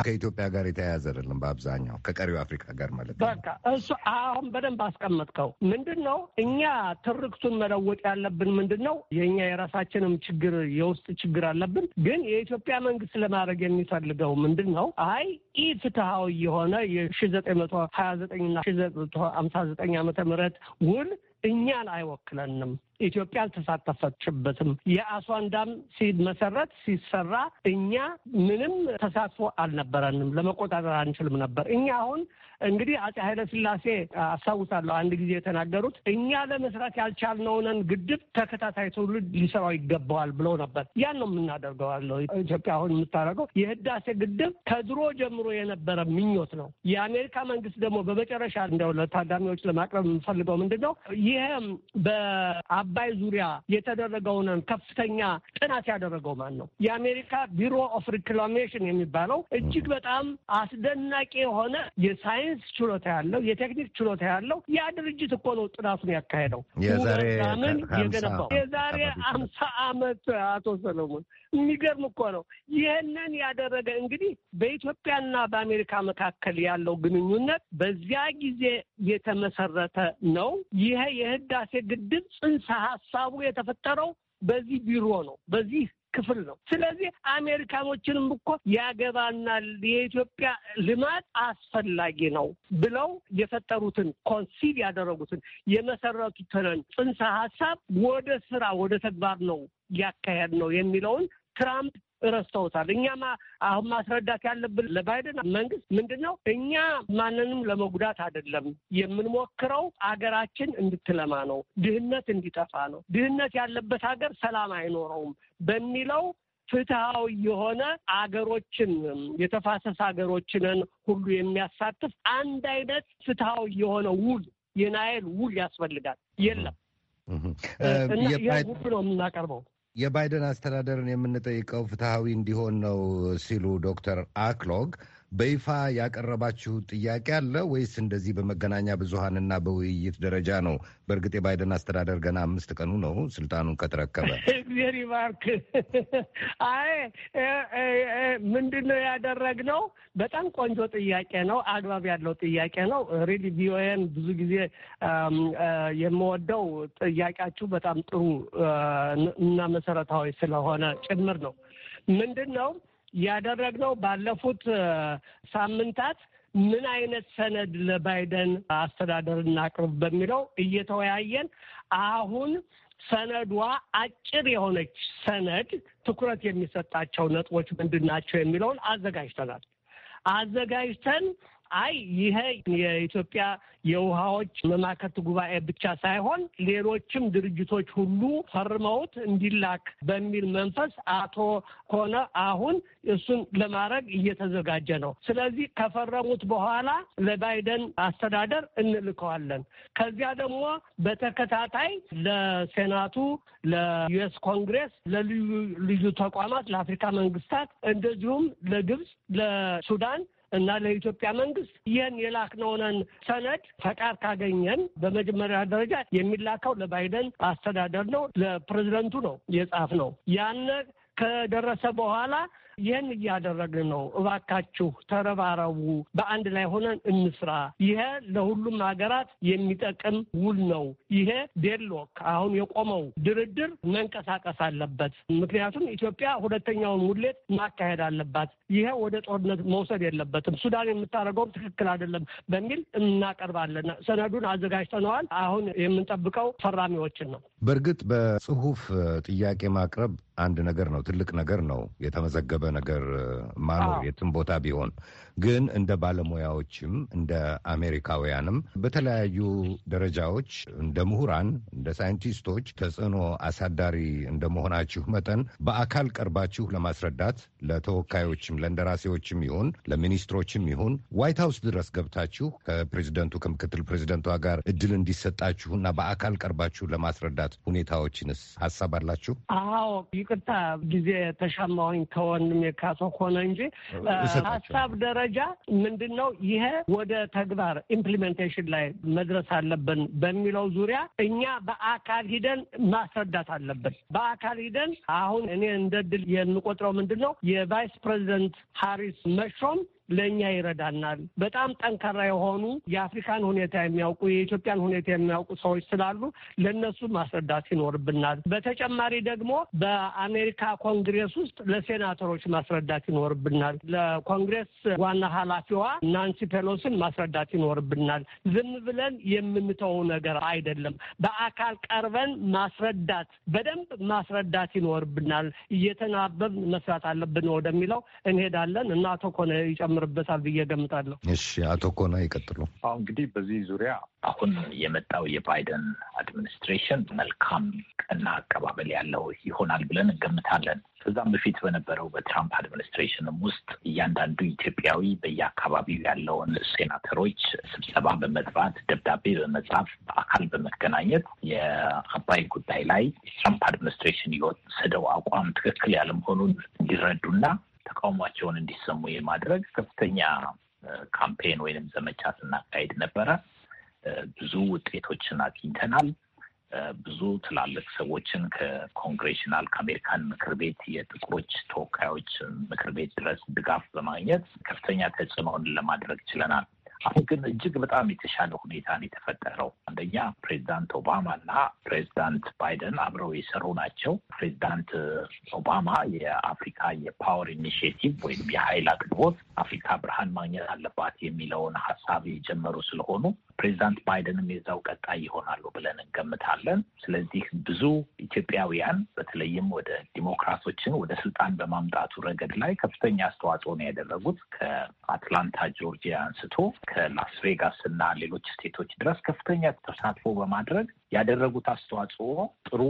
ከኢትዮጵያ ጋር የተያያዘ አይደለም። በአብዛኛው ከቀሪው አፍሪካ ጋር ማለት ነው። በቃ እሱ አሁን በደንብ አስቀመጥከው። ምንድን ነው እኛ ትርክቱን መለወጥ ያለብን ምንድን ነው? የእኛ የራሳችንም ችግር የውስጥ ችግር አለብን። ግን የኢትዮጵያ መንግስት ለማድረግ የሚፈልገው ምንድን ነው አይ ኢ የሆነ የሺ ዘጠኝ መቶ ሀያ ዘጠኝና ሺ ዘጠኝ መቶ ሀምሳ ዘጠኝ ዓመተ ምህረት ውል እኛን አይወክለንም ኢትዮጵያ አልተሳተፈችበትም። የአስዋን ዳም ሲመሰረት ሲሰራ እኛ ምንም ተሳትፎ አልነበረንም፣ ለመቆጣጠር አንችልም ነበር። እኛ አሁን እንግዲህ አፄ ኃይለስላሴ አስታውሳለሁ አንድ ጊዜ የተናገሩት እኛ ለመስራት ያልቻልነውን ግድብ ተከታታይ ትውልድ ሊሰራው ይገባዋል ብለው ነበር። ያን ነው የምናደርገው ኢትዮጵያ አሁን የምታደርገው የህዳሴ ግድብ ከድሮ ጀምሮ የነበረ ምኞት ነው። የአሜሪካ መንግስት ደግሞ በመጨረሻ እንደው ለታዳሚዎች ለማቅረብ የምንፈልገው ምንድን ነው ይህም በአባ በአባይ ዙሪያ የተደረገውንን ከፍተኛ ጥናት ያደረገው ማን ነው? የአሜሪካ ቢሮ ኦፍ ሪክላሜሽን የሚባለው እጅግ በጣም አስደናቂ የሆነ የሳይንስ ችሎታ ያለው የቴክኒክ ችሎታ ያለው ያ ድርጅት እኮ ነው ጥናቱን ያካሄደው ምን የገነባው የዛሬ አምሳ ዓመት አቶ ሰለሞን የሚገርም እኮ ነው። ይህንን ያደረገ እንግዲህ በኢትዮጵያና በአሜሪካ መካከል ያለው ግንኙነት በዚያ ጊዜ የተመሰረተ ነው። ይሄ የህዳሴ ግድብ ጽንሰ ሀሳቡ የተፈጠረው በዚህ ቢሮ ነው፣ በዚህ ክፍል ነው። ስለዚህ አሜሪካኖችንም እኮ ያገባናል፣ የኢትዮጵያ ልማት አስፈላጊ ነው ብለው የፈጠሩትን ኮንሲል ያደረጉትን የመሰረቱትን ጽንሰ ሀሳብ ወደ ስራ ወደ ተግባር ነው ያካሄድ ነው የሚለውን ትራምፕ ረስተውታል። እኛ አሁን ማስረዳት ያለብን ለባይደን መንግስት ምንድን ነው፣ እኛ ማንንም ለመጉዳት አይደለም የምንሞክረው አገራችን እንድትለማ ነው፣ ድህነት እንዲጠፋ ነው፣ ድህነት ያለበት ሀገር ሰላም አይኖረውም በሚለው ፍትሃዊ የሆነ አገሮችን የተፋሰስ አገሮችንን ሁሉ የሚያሳትፍ አንድ አይነት ፍትሃዊ የሆነ ውል የናይል ውል ያስፈልጋል። የለም እና ይህ ሁሉ ነው የምናቀርበው። የባይደን አስተዳደርን የምንጠይቀው ፍትሐዊ እንዲሆን ነው ሲሉ ዶክተር አክሎግ በይፋ ያቀረባችሁ ጥያቄ አለ ወይስ እንደዚህ በመገናኛ ብዙሀንና በውይይት ደረጃ ነው? በእርግጥ የባይደን አስተዳደር ገና አምስት ቀኑ ነው ስልጣኑን ከተረከበ። እግዚአብሔር ይባርክ። አይ ምንድን ነው ያደረግነው? በጣም ቆንጆ ጥያቄ ነው። አግባብ ያለው ጥያቄ ነው። ሪሊ ቪኦኤን ብዙ ጊዜ የምወደው ጥያቄያችሁ በጣም ጥሩ እና መሰረታዊ ስለሆነ ጭምር ነው። ምንድን ነው ያደረግነው ባለፉት ሳምንታት ምን አይነት ሰነድ ለባይደን አስተዳደር እናቅርብ በሚለው እየተወያየን አሁን ሰነዷ አጭር የሆነች ሰነድ ትኩረት የሚሰጣቸው ነጥቦች ምንድን ናቸው የሚለውን አዘጋጅተናል። አዘጋጅተን አይ ይሄ የኢትዮጵያ የውሃዎች መማከርት ጉባኤ ብቻ ሳይሆን ሌሎችም ድርጅቶች ሁሉ ፈርመውት እንዲላክ በሚል መንፈስ አቶ ሆነ አሁን እሱን ለማድረግ እየተዘጋጀ ነው። ስለዚህ ከፈረሙት በኋላ ለባይደን አስተዳደር እንልከዋለን። ከዚያ ደግሞ በተከታታይ ለሴናቱ፣ ለዩኤስ ኮንግሬስ፣ ለልዩ ልዩ ተቋማት፣ ለአፍሪካ መንግስታት እንደዚሁም ለግብፅ፣ ለሱዳን እና ለኢትዮጵያ መንግስት ይህን የላክነውን ሰነድ ፈቃድ ካገኘን በመጀመሪያ ደረጃ የሚላከው ለባይደን አስተዳደር ነው፣ ለፕሬዚደንቱ ነው የጻፍ ነው ያነ ከደረሰ በኋላ ይህን እያደረግን ነው። እባካችሁ ተረባረቡ፣ በአንድ ላይ ሆነን እንስራ። ይሄ ለሁሉም ሀገራት የሚጠቅም ውል ነው። ይሄ ዴድሎክ አሁን የቆመው ድርድር መንቀሳቀስ አለበት። ምክንያቱም ኢትዮጵያ ሁለተኛውን ሙሌት ማካሄድ አለባት። ይሄ ወደ ጦርነት መውሰድ የለበትም። ሱዳን የምታደርገውም ትክክል አይደለም በሚል እናቀርባለን። ሰነዱን አዘጋጅተነዋል። አሁን የምንጠብቀው ፈራሚዎችን ነው። በእርግጥ በጽሁፍ ጥያቄ ማቅረብ አንድ ነገር ነው፣ ትልቅ ነገር ነው፣ የተመዘገበ ነገር ማኖር የትም ቦታ ቢሆን። ግን እንደ ባለሙያዎችም እንደ አሜሪካውያንም በተለያዩ ደረጃዎች እንደ ምሁራን፣ እንደ ሳይንቲስቶች ተጽዕኖ አሳዳሪ እንደመሆናችሁ መጠን በአካል ቀርባችሁ ለማስረዳት ለተወካዮችም ለእንደራሴዎችም ይሁን ለሚኒስትሮችም ይሁን ዋይት ሀውስ ድረስ ገብታችሁ ከፕሬዚደንቱ ከምክትል ፕሬዚደንቷ ጋር እድል እንዲሰጣችሁና በአካል ቀርባችሁ ለማስረዳት ሁኔታዎችንስ ሀሳብ አላችሁ? አዎ ይቅርታ ጊዜ ተሻማሁኝ ከወንድሜ ካሰው ሆነ እንጂ ሀሳብ ደረጃ ምንድን ነው ይሄ ወደ ተግባር ኢምፕሊሜንቴሽን ላይ መድረስ አለብን በሚለው ዙሪያ እኛ በአካል ሂደን ማስረዳት አለብን። በአካል ሂደን አሁን እኔ እንደ ድል የምቆጥረው ምንድን ነው የቫይስ ፕሬዚደንት ሀሪስ መሾም ለእኛ ይረዳናል። በጣም ጠንካራ የሆኑ የአፍሪካን ሁኔታ የሚያውቁ የኢትዮጵያን ሁኔታ የሚያውቁ ሰዎች ስላሉ ለእነሱ ማስረዳት ይኖርብናል። በተጨማሪ ደግሞ በአሜሪካ ኮንግሬስ ውስጥ ለሴናተሮች ማስረዳት ይኖርብናል። ለኮንግሬስ ዋና ኃላፊዋ ናንሲ ፔሎሲን ማስረዳት ይኖርብናል። ዝም ብለን የምንተው ነገር አይደለም። በአካል ቀርበን ማስረዳት፣ በደንብ ማስረዳት ይኖርብናል። እየተናበብ መስራት አለብን ወደሚለው እንሄዳለን እና ተኮነ ይጨምርበታል ብዬ ገምታለሁ። እሺ፣ አቶ ኮና ይቀጥሉ። አሁ እንግዲህ በዚህ ዙሪያ አሁን የመጣው የባይደን አድሚኒስትሬሽን መልካም ቀና አቀባበል ያለው ይሆናል ብለን እንገምታለን። ከዛም በፊት በነበረው በትራምፕ አድሚኒስትሬሽንም ውስጥ እያንዳንዱ ኢትዮጵያዊ በየአካባቢው ያለውን ሴናተሮች ስብሰባ በመጥራት ደብዳቤ በመጻፍ በአካል በመገናኘት የአባይ ጉዳይ ላይ የትራምፕ አድሚኒስትሬሽን የወሰደው አቋም ትክክል ያለመሆኑን እንዲረዱና ተቃውሟቸውን እንዲሰሙ የማድረግ ከፍተኛ ካምፔን ወይንም ዘመቻ ስናካሄድ ነበረ። ብዙ ውጤቶችን አግኝተናል። ብዙ ትላልቅ ሰዎችን ከኮንግሬሽናል ከአሜሪካን ምክር ቤት የጥቁሮች ተወካዮች ምክር ቤት ድረስ ድጋፍ በማግኘት ከፍተኛ ተጽዕኖውን ለማድረግ ችለናል። አሁን ግን እጅግ በጣም የተሻለ ሁኔታ ነው የተፈጠረው። አንደኛ ፕሬዚዳንት ኦባማ እና ፕሬዚዳንት ባይደን አብረው የሰሩ ናቸው። ፕሬዚዳንት ኦባማ የአፍሪካ የፓወር ኢኒሽቲቭ ወይም የኃይል አቅርቦት አፍሪካ ብርሃን ማግኘት አለባት የሚለውን ሀሳብ የጀመሩ ስለሆኑ ፕሬዚዳንት ባይደንም የዛው ቀጣይ ይሆናሉ ብለን እንገምታለን። ስለዚህ ብዙ ኢትዮጵያውያን በተለይም ወደ ዲሞክራቶችን ወደ ስልጣን በማምጣቱ ረገድ ላይ ከፍተኛ አስተዋጽኦ ነው ያደረጉት ከአትላንታ ጆርጂያ አንስቶ ከላስ ቬጋስ እና ሌሎች ስቴቶች ድረስ ከፍተኛ ተሳትፎ በማድረግ ያደረጉት አስተዋጽኦ ጥሩ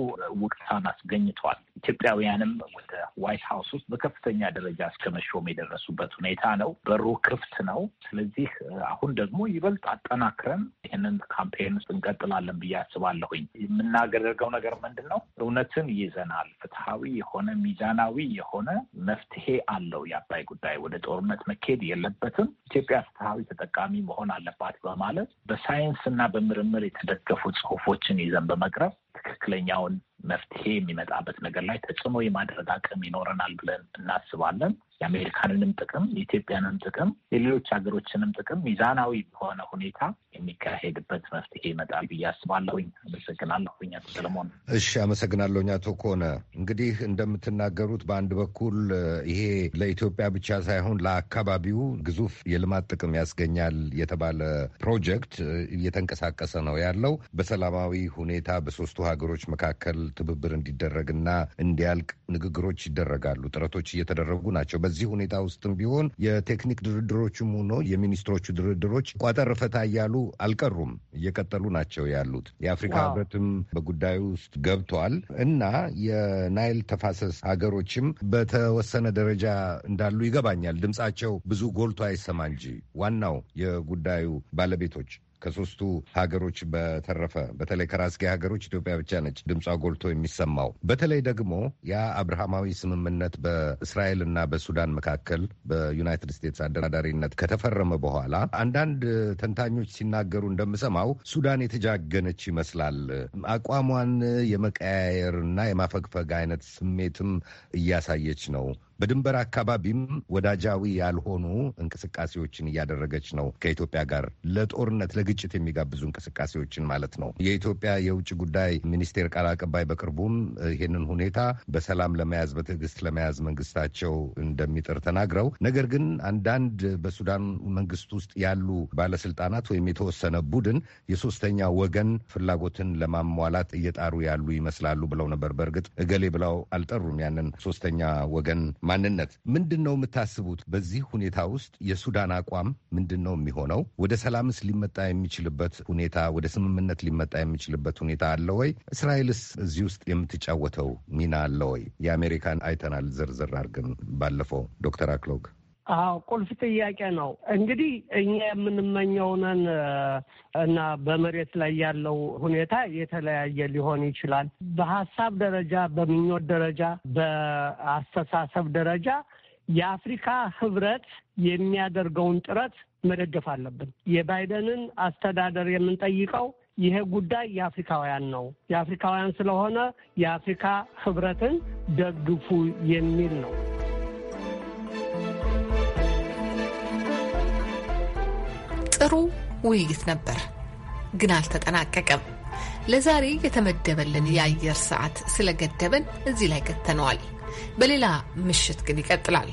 ውቅታን አስገኝቷል። ኢትዮጵያውያንም ወደ ዋይት ሀውስ ውስጥ በከፍተኛ ደረጃ እስከ መሾም የደረሱበት ሁኔታ ነው። በሩ ክፍት ነው። ስለዚህ አሁን ደግሞ ይበልጥ አጠናክረን ይህንን ካምፔን ውስጥ እንቀጥላለን ብዬ አስባለሁኝ። የምናደርገው ነገር ምንድን ነው? እውነትን ይዘናል። ፍትሐዊ የሆነ ሚዛናዊ የሆነ መፍትሄ አለው የአባይ ጉዳይ። ወደ ጦርነት መካሄድ የለበትም። ኢትዮጵያ ፍትሐዊ ተጠቃሚ መሆን አለባት በማለት በሳይንስ እና በምርምር የተደገፉ ጽሁፎች ችግሮችን ይዘን በመቅረብ ትክክለኛውን መፍትሄ የሚመጣበት ነገር ላይ ተጽዕኖ የማድረግ አቅም ይኖረናል ብለን እናስባለን። የአሜሪካንንም ጥቅም፣ የኢትዮጵያንም ጥቅም፣ የሌሎች ሀገሮችንም ጥቅም ሚዛናዊ በሆነ ሁኔታ የሚካሄድበት መፍትሄ ይመጣል ብዬ አስባለሁኝ። አመሰግናለሁኝ አቶ ሰለሞን። እሺ፣ አመሰግናለሁኝ አቶ ከሆነ እንግዲህ እንደምትናገሩት በአንድ በኩል ይሄ ለኢትዮጵያ ብቻ ሳይሆን ለአካባቢው ግዙፍ የልማት ጥቅም ያስገኛል የተባለ ፕሮጀክት እየተንቀሳቀሰ ነው ያለው በሰላማዊ ሁኔታ በሶስቱ ሀገሮች መካከል ትብብር እንዲደረግና እንዲያልቅ ንግግሮች ይደረጋሉ፣ ጥረቶች እየተደረጉ ናቸው። በዚህ ሁኔታ ውስጥም ቢሆን የቴክኒክ ድርድሮችም ሆኖ የሚኒስትሮቹ ድርድሮች ቋጠር ፈታ እያሉ አልቀሩም፣ እየቀጠሉ ናቸው ያሉት። የአፍሪካ ህብረትም በጉዳዩ ውስጥ ገብቷል እና የናይል ተፋሰስ ሀገሮችም በተወሰነ ደረጃ እንዳሉ ይገባኛል። ድምጻቸው ብዙ ጎልቶ አይሰማ እንጂ ዋናው የጉዳዩ ባለቤቶች ከሶስቱ ሀገሮች በተረፈ በተለይ ከራስጌ ሀገሮች ኢትዮጵያ ብቻ ነች ድምጿ ጎልቶ የሚሰማው። በተለይ ደግሞ ያ አብርሃማዊ ስምምነት በእስራኤል እና በሱዳን መካከል በዩናይትድ ስቴትስ አደራዳሪነት ከተፈረመ በኋላ አንዳንድ ተንታኞች ሲናገሩ እንደምሰማው ሱዳን የተጃገነች ይመስላል። አቋሟን እና የማፈግፈግ አይነት ስሜትም እያሳየች ነው። በድንበር አካባቢም ወዳጃዊ ያልሆኑ እንቅስቃሴዎችን እያደረገች ነው። ከኢትዮጵያ ጋር ለጦርነት ለግጭት የሚጋብዙ እንቅስቃሴዎችን ማለት ነው። የኢትዮጵያ የውጭ ጉዳይ ሚኒስቴር ቃል አቀባይ በቅርቡም ይህንን ሁኔታ በሰላም ለመያዝ በትዕግስት ለመያዝ መንግስታቸው እንደሚጥር ተናግረው ነገር ግን አንዳንድ በሱዳን መንግስት ውስጥ ያሉ ባለስልጣናት ወይም የተወሰነ ቡድን የሶስተኛ ወገን ፍላጎትን ለማሟላት እየጣሩ ያሉ ይመስላሉ ብለው ነበር። በእርግጥ እገሌ ብለው አልጠሩም ያንን ሶስተኛ ወገን ማንነት ምንድን ነው የምታስቡት? በዚህ ሁኔታ ውስጥ የሱዳን አቋም ምንድን ነው የሚሆነው? ወደ ሰላምስ ሊመጣ የሚችልበት ሁኔታ፣ ወደ ስምምነት ሊመጣ የሚችልበት ሁኔታ አለ ወይ? እስራኤልስ እዚህ ውስጥ የምትጫወተው ሚና አለ ወይ? የአሜሪካን አይተናል ዝርዝር አድርገን ባለፈው ዶክተር አክሎግ አዎ ቁልፍ ጥያቄ ነው። እንግዲህ እኛ የምንመኘውንን እና በመሬት ላይ ያለው ሁኔታ የተለያየ ሊሆን ይችላል። በሀሳብ ደረጃ፣ በምኞት ደረጃ፣ በአስተሳሰብ ደረጃ የአፍሪካ ህብረት የሚያደርገውን ጥረት መደገፍ አለብን። የባይደንን አስተዳደር የምንጠይቀው ይሄ ጉዳይ የአፍሪካውያን ነው። የአፍሪካውያን ስለሆነ የአፍሪካ ህብረትን ደግፉ የሚል ነው። ጥሩ ውይይት ነበር፣ ግን አልተጠናቀቀም። ለዛሬ የተመደበልን የአየር ሰዓት ስለገደበን እዚህ ላይ ገተነዋል። በሌላ ምሽት ግን ይቀጥላል።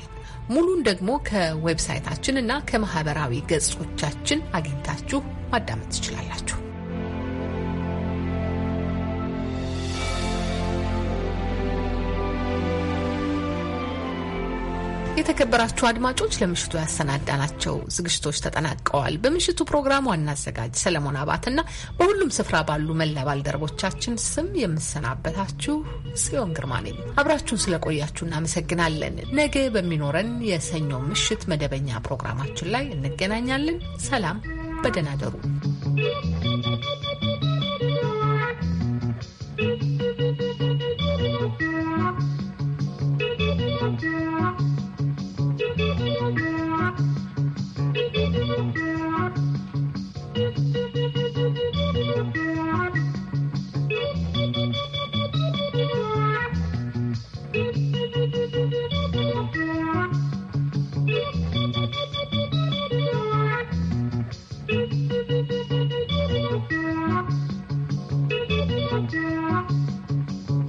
ሙሉን ደግሞ ከዌብሳይታችን እና ከማህበራዊ ገጾቻችን አግኝታችሁ ማዳመጥ ትችላላችሁ። የተከበራችሁ አድማጮች ለምሽቱ ያሰናዳናቸው ዝግጅቶች ተጠናቀዋል። በምሽቱ ፕሮግራም ዋና አዘጋጅ ሰለሞን አባትና በሁሉም ስፍራ ባሉ መላ ባልደረቦቻችን ስም የምሰናበታችሁ ጽዮን ግርማ ነኝ። አብራችሁን ስለቆያችሁ እናመሰግናለን። ነገ በሚኖረን የሰኞ ምሽት መደበኛ ፕሮግራማችን ላይ እንገናኛለን። ሰላም፣ በደህና ደሩ።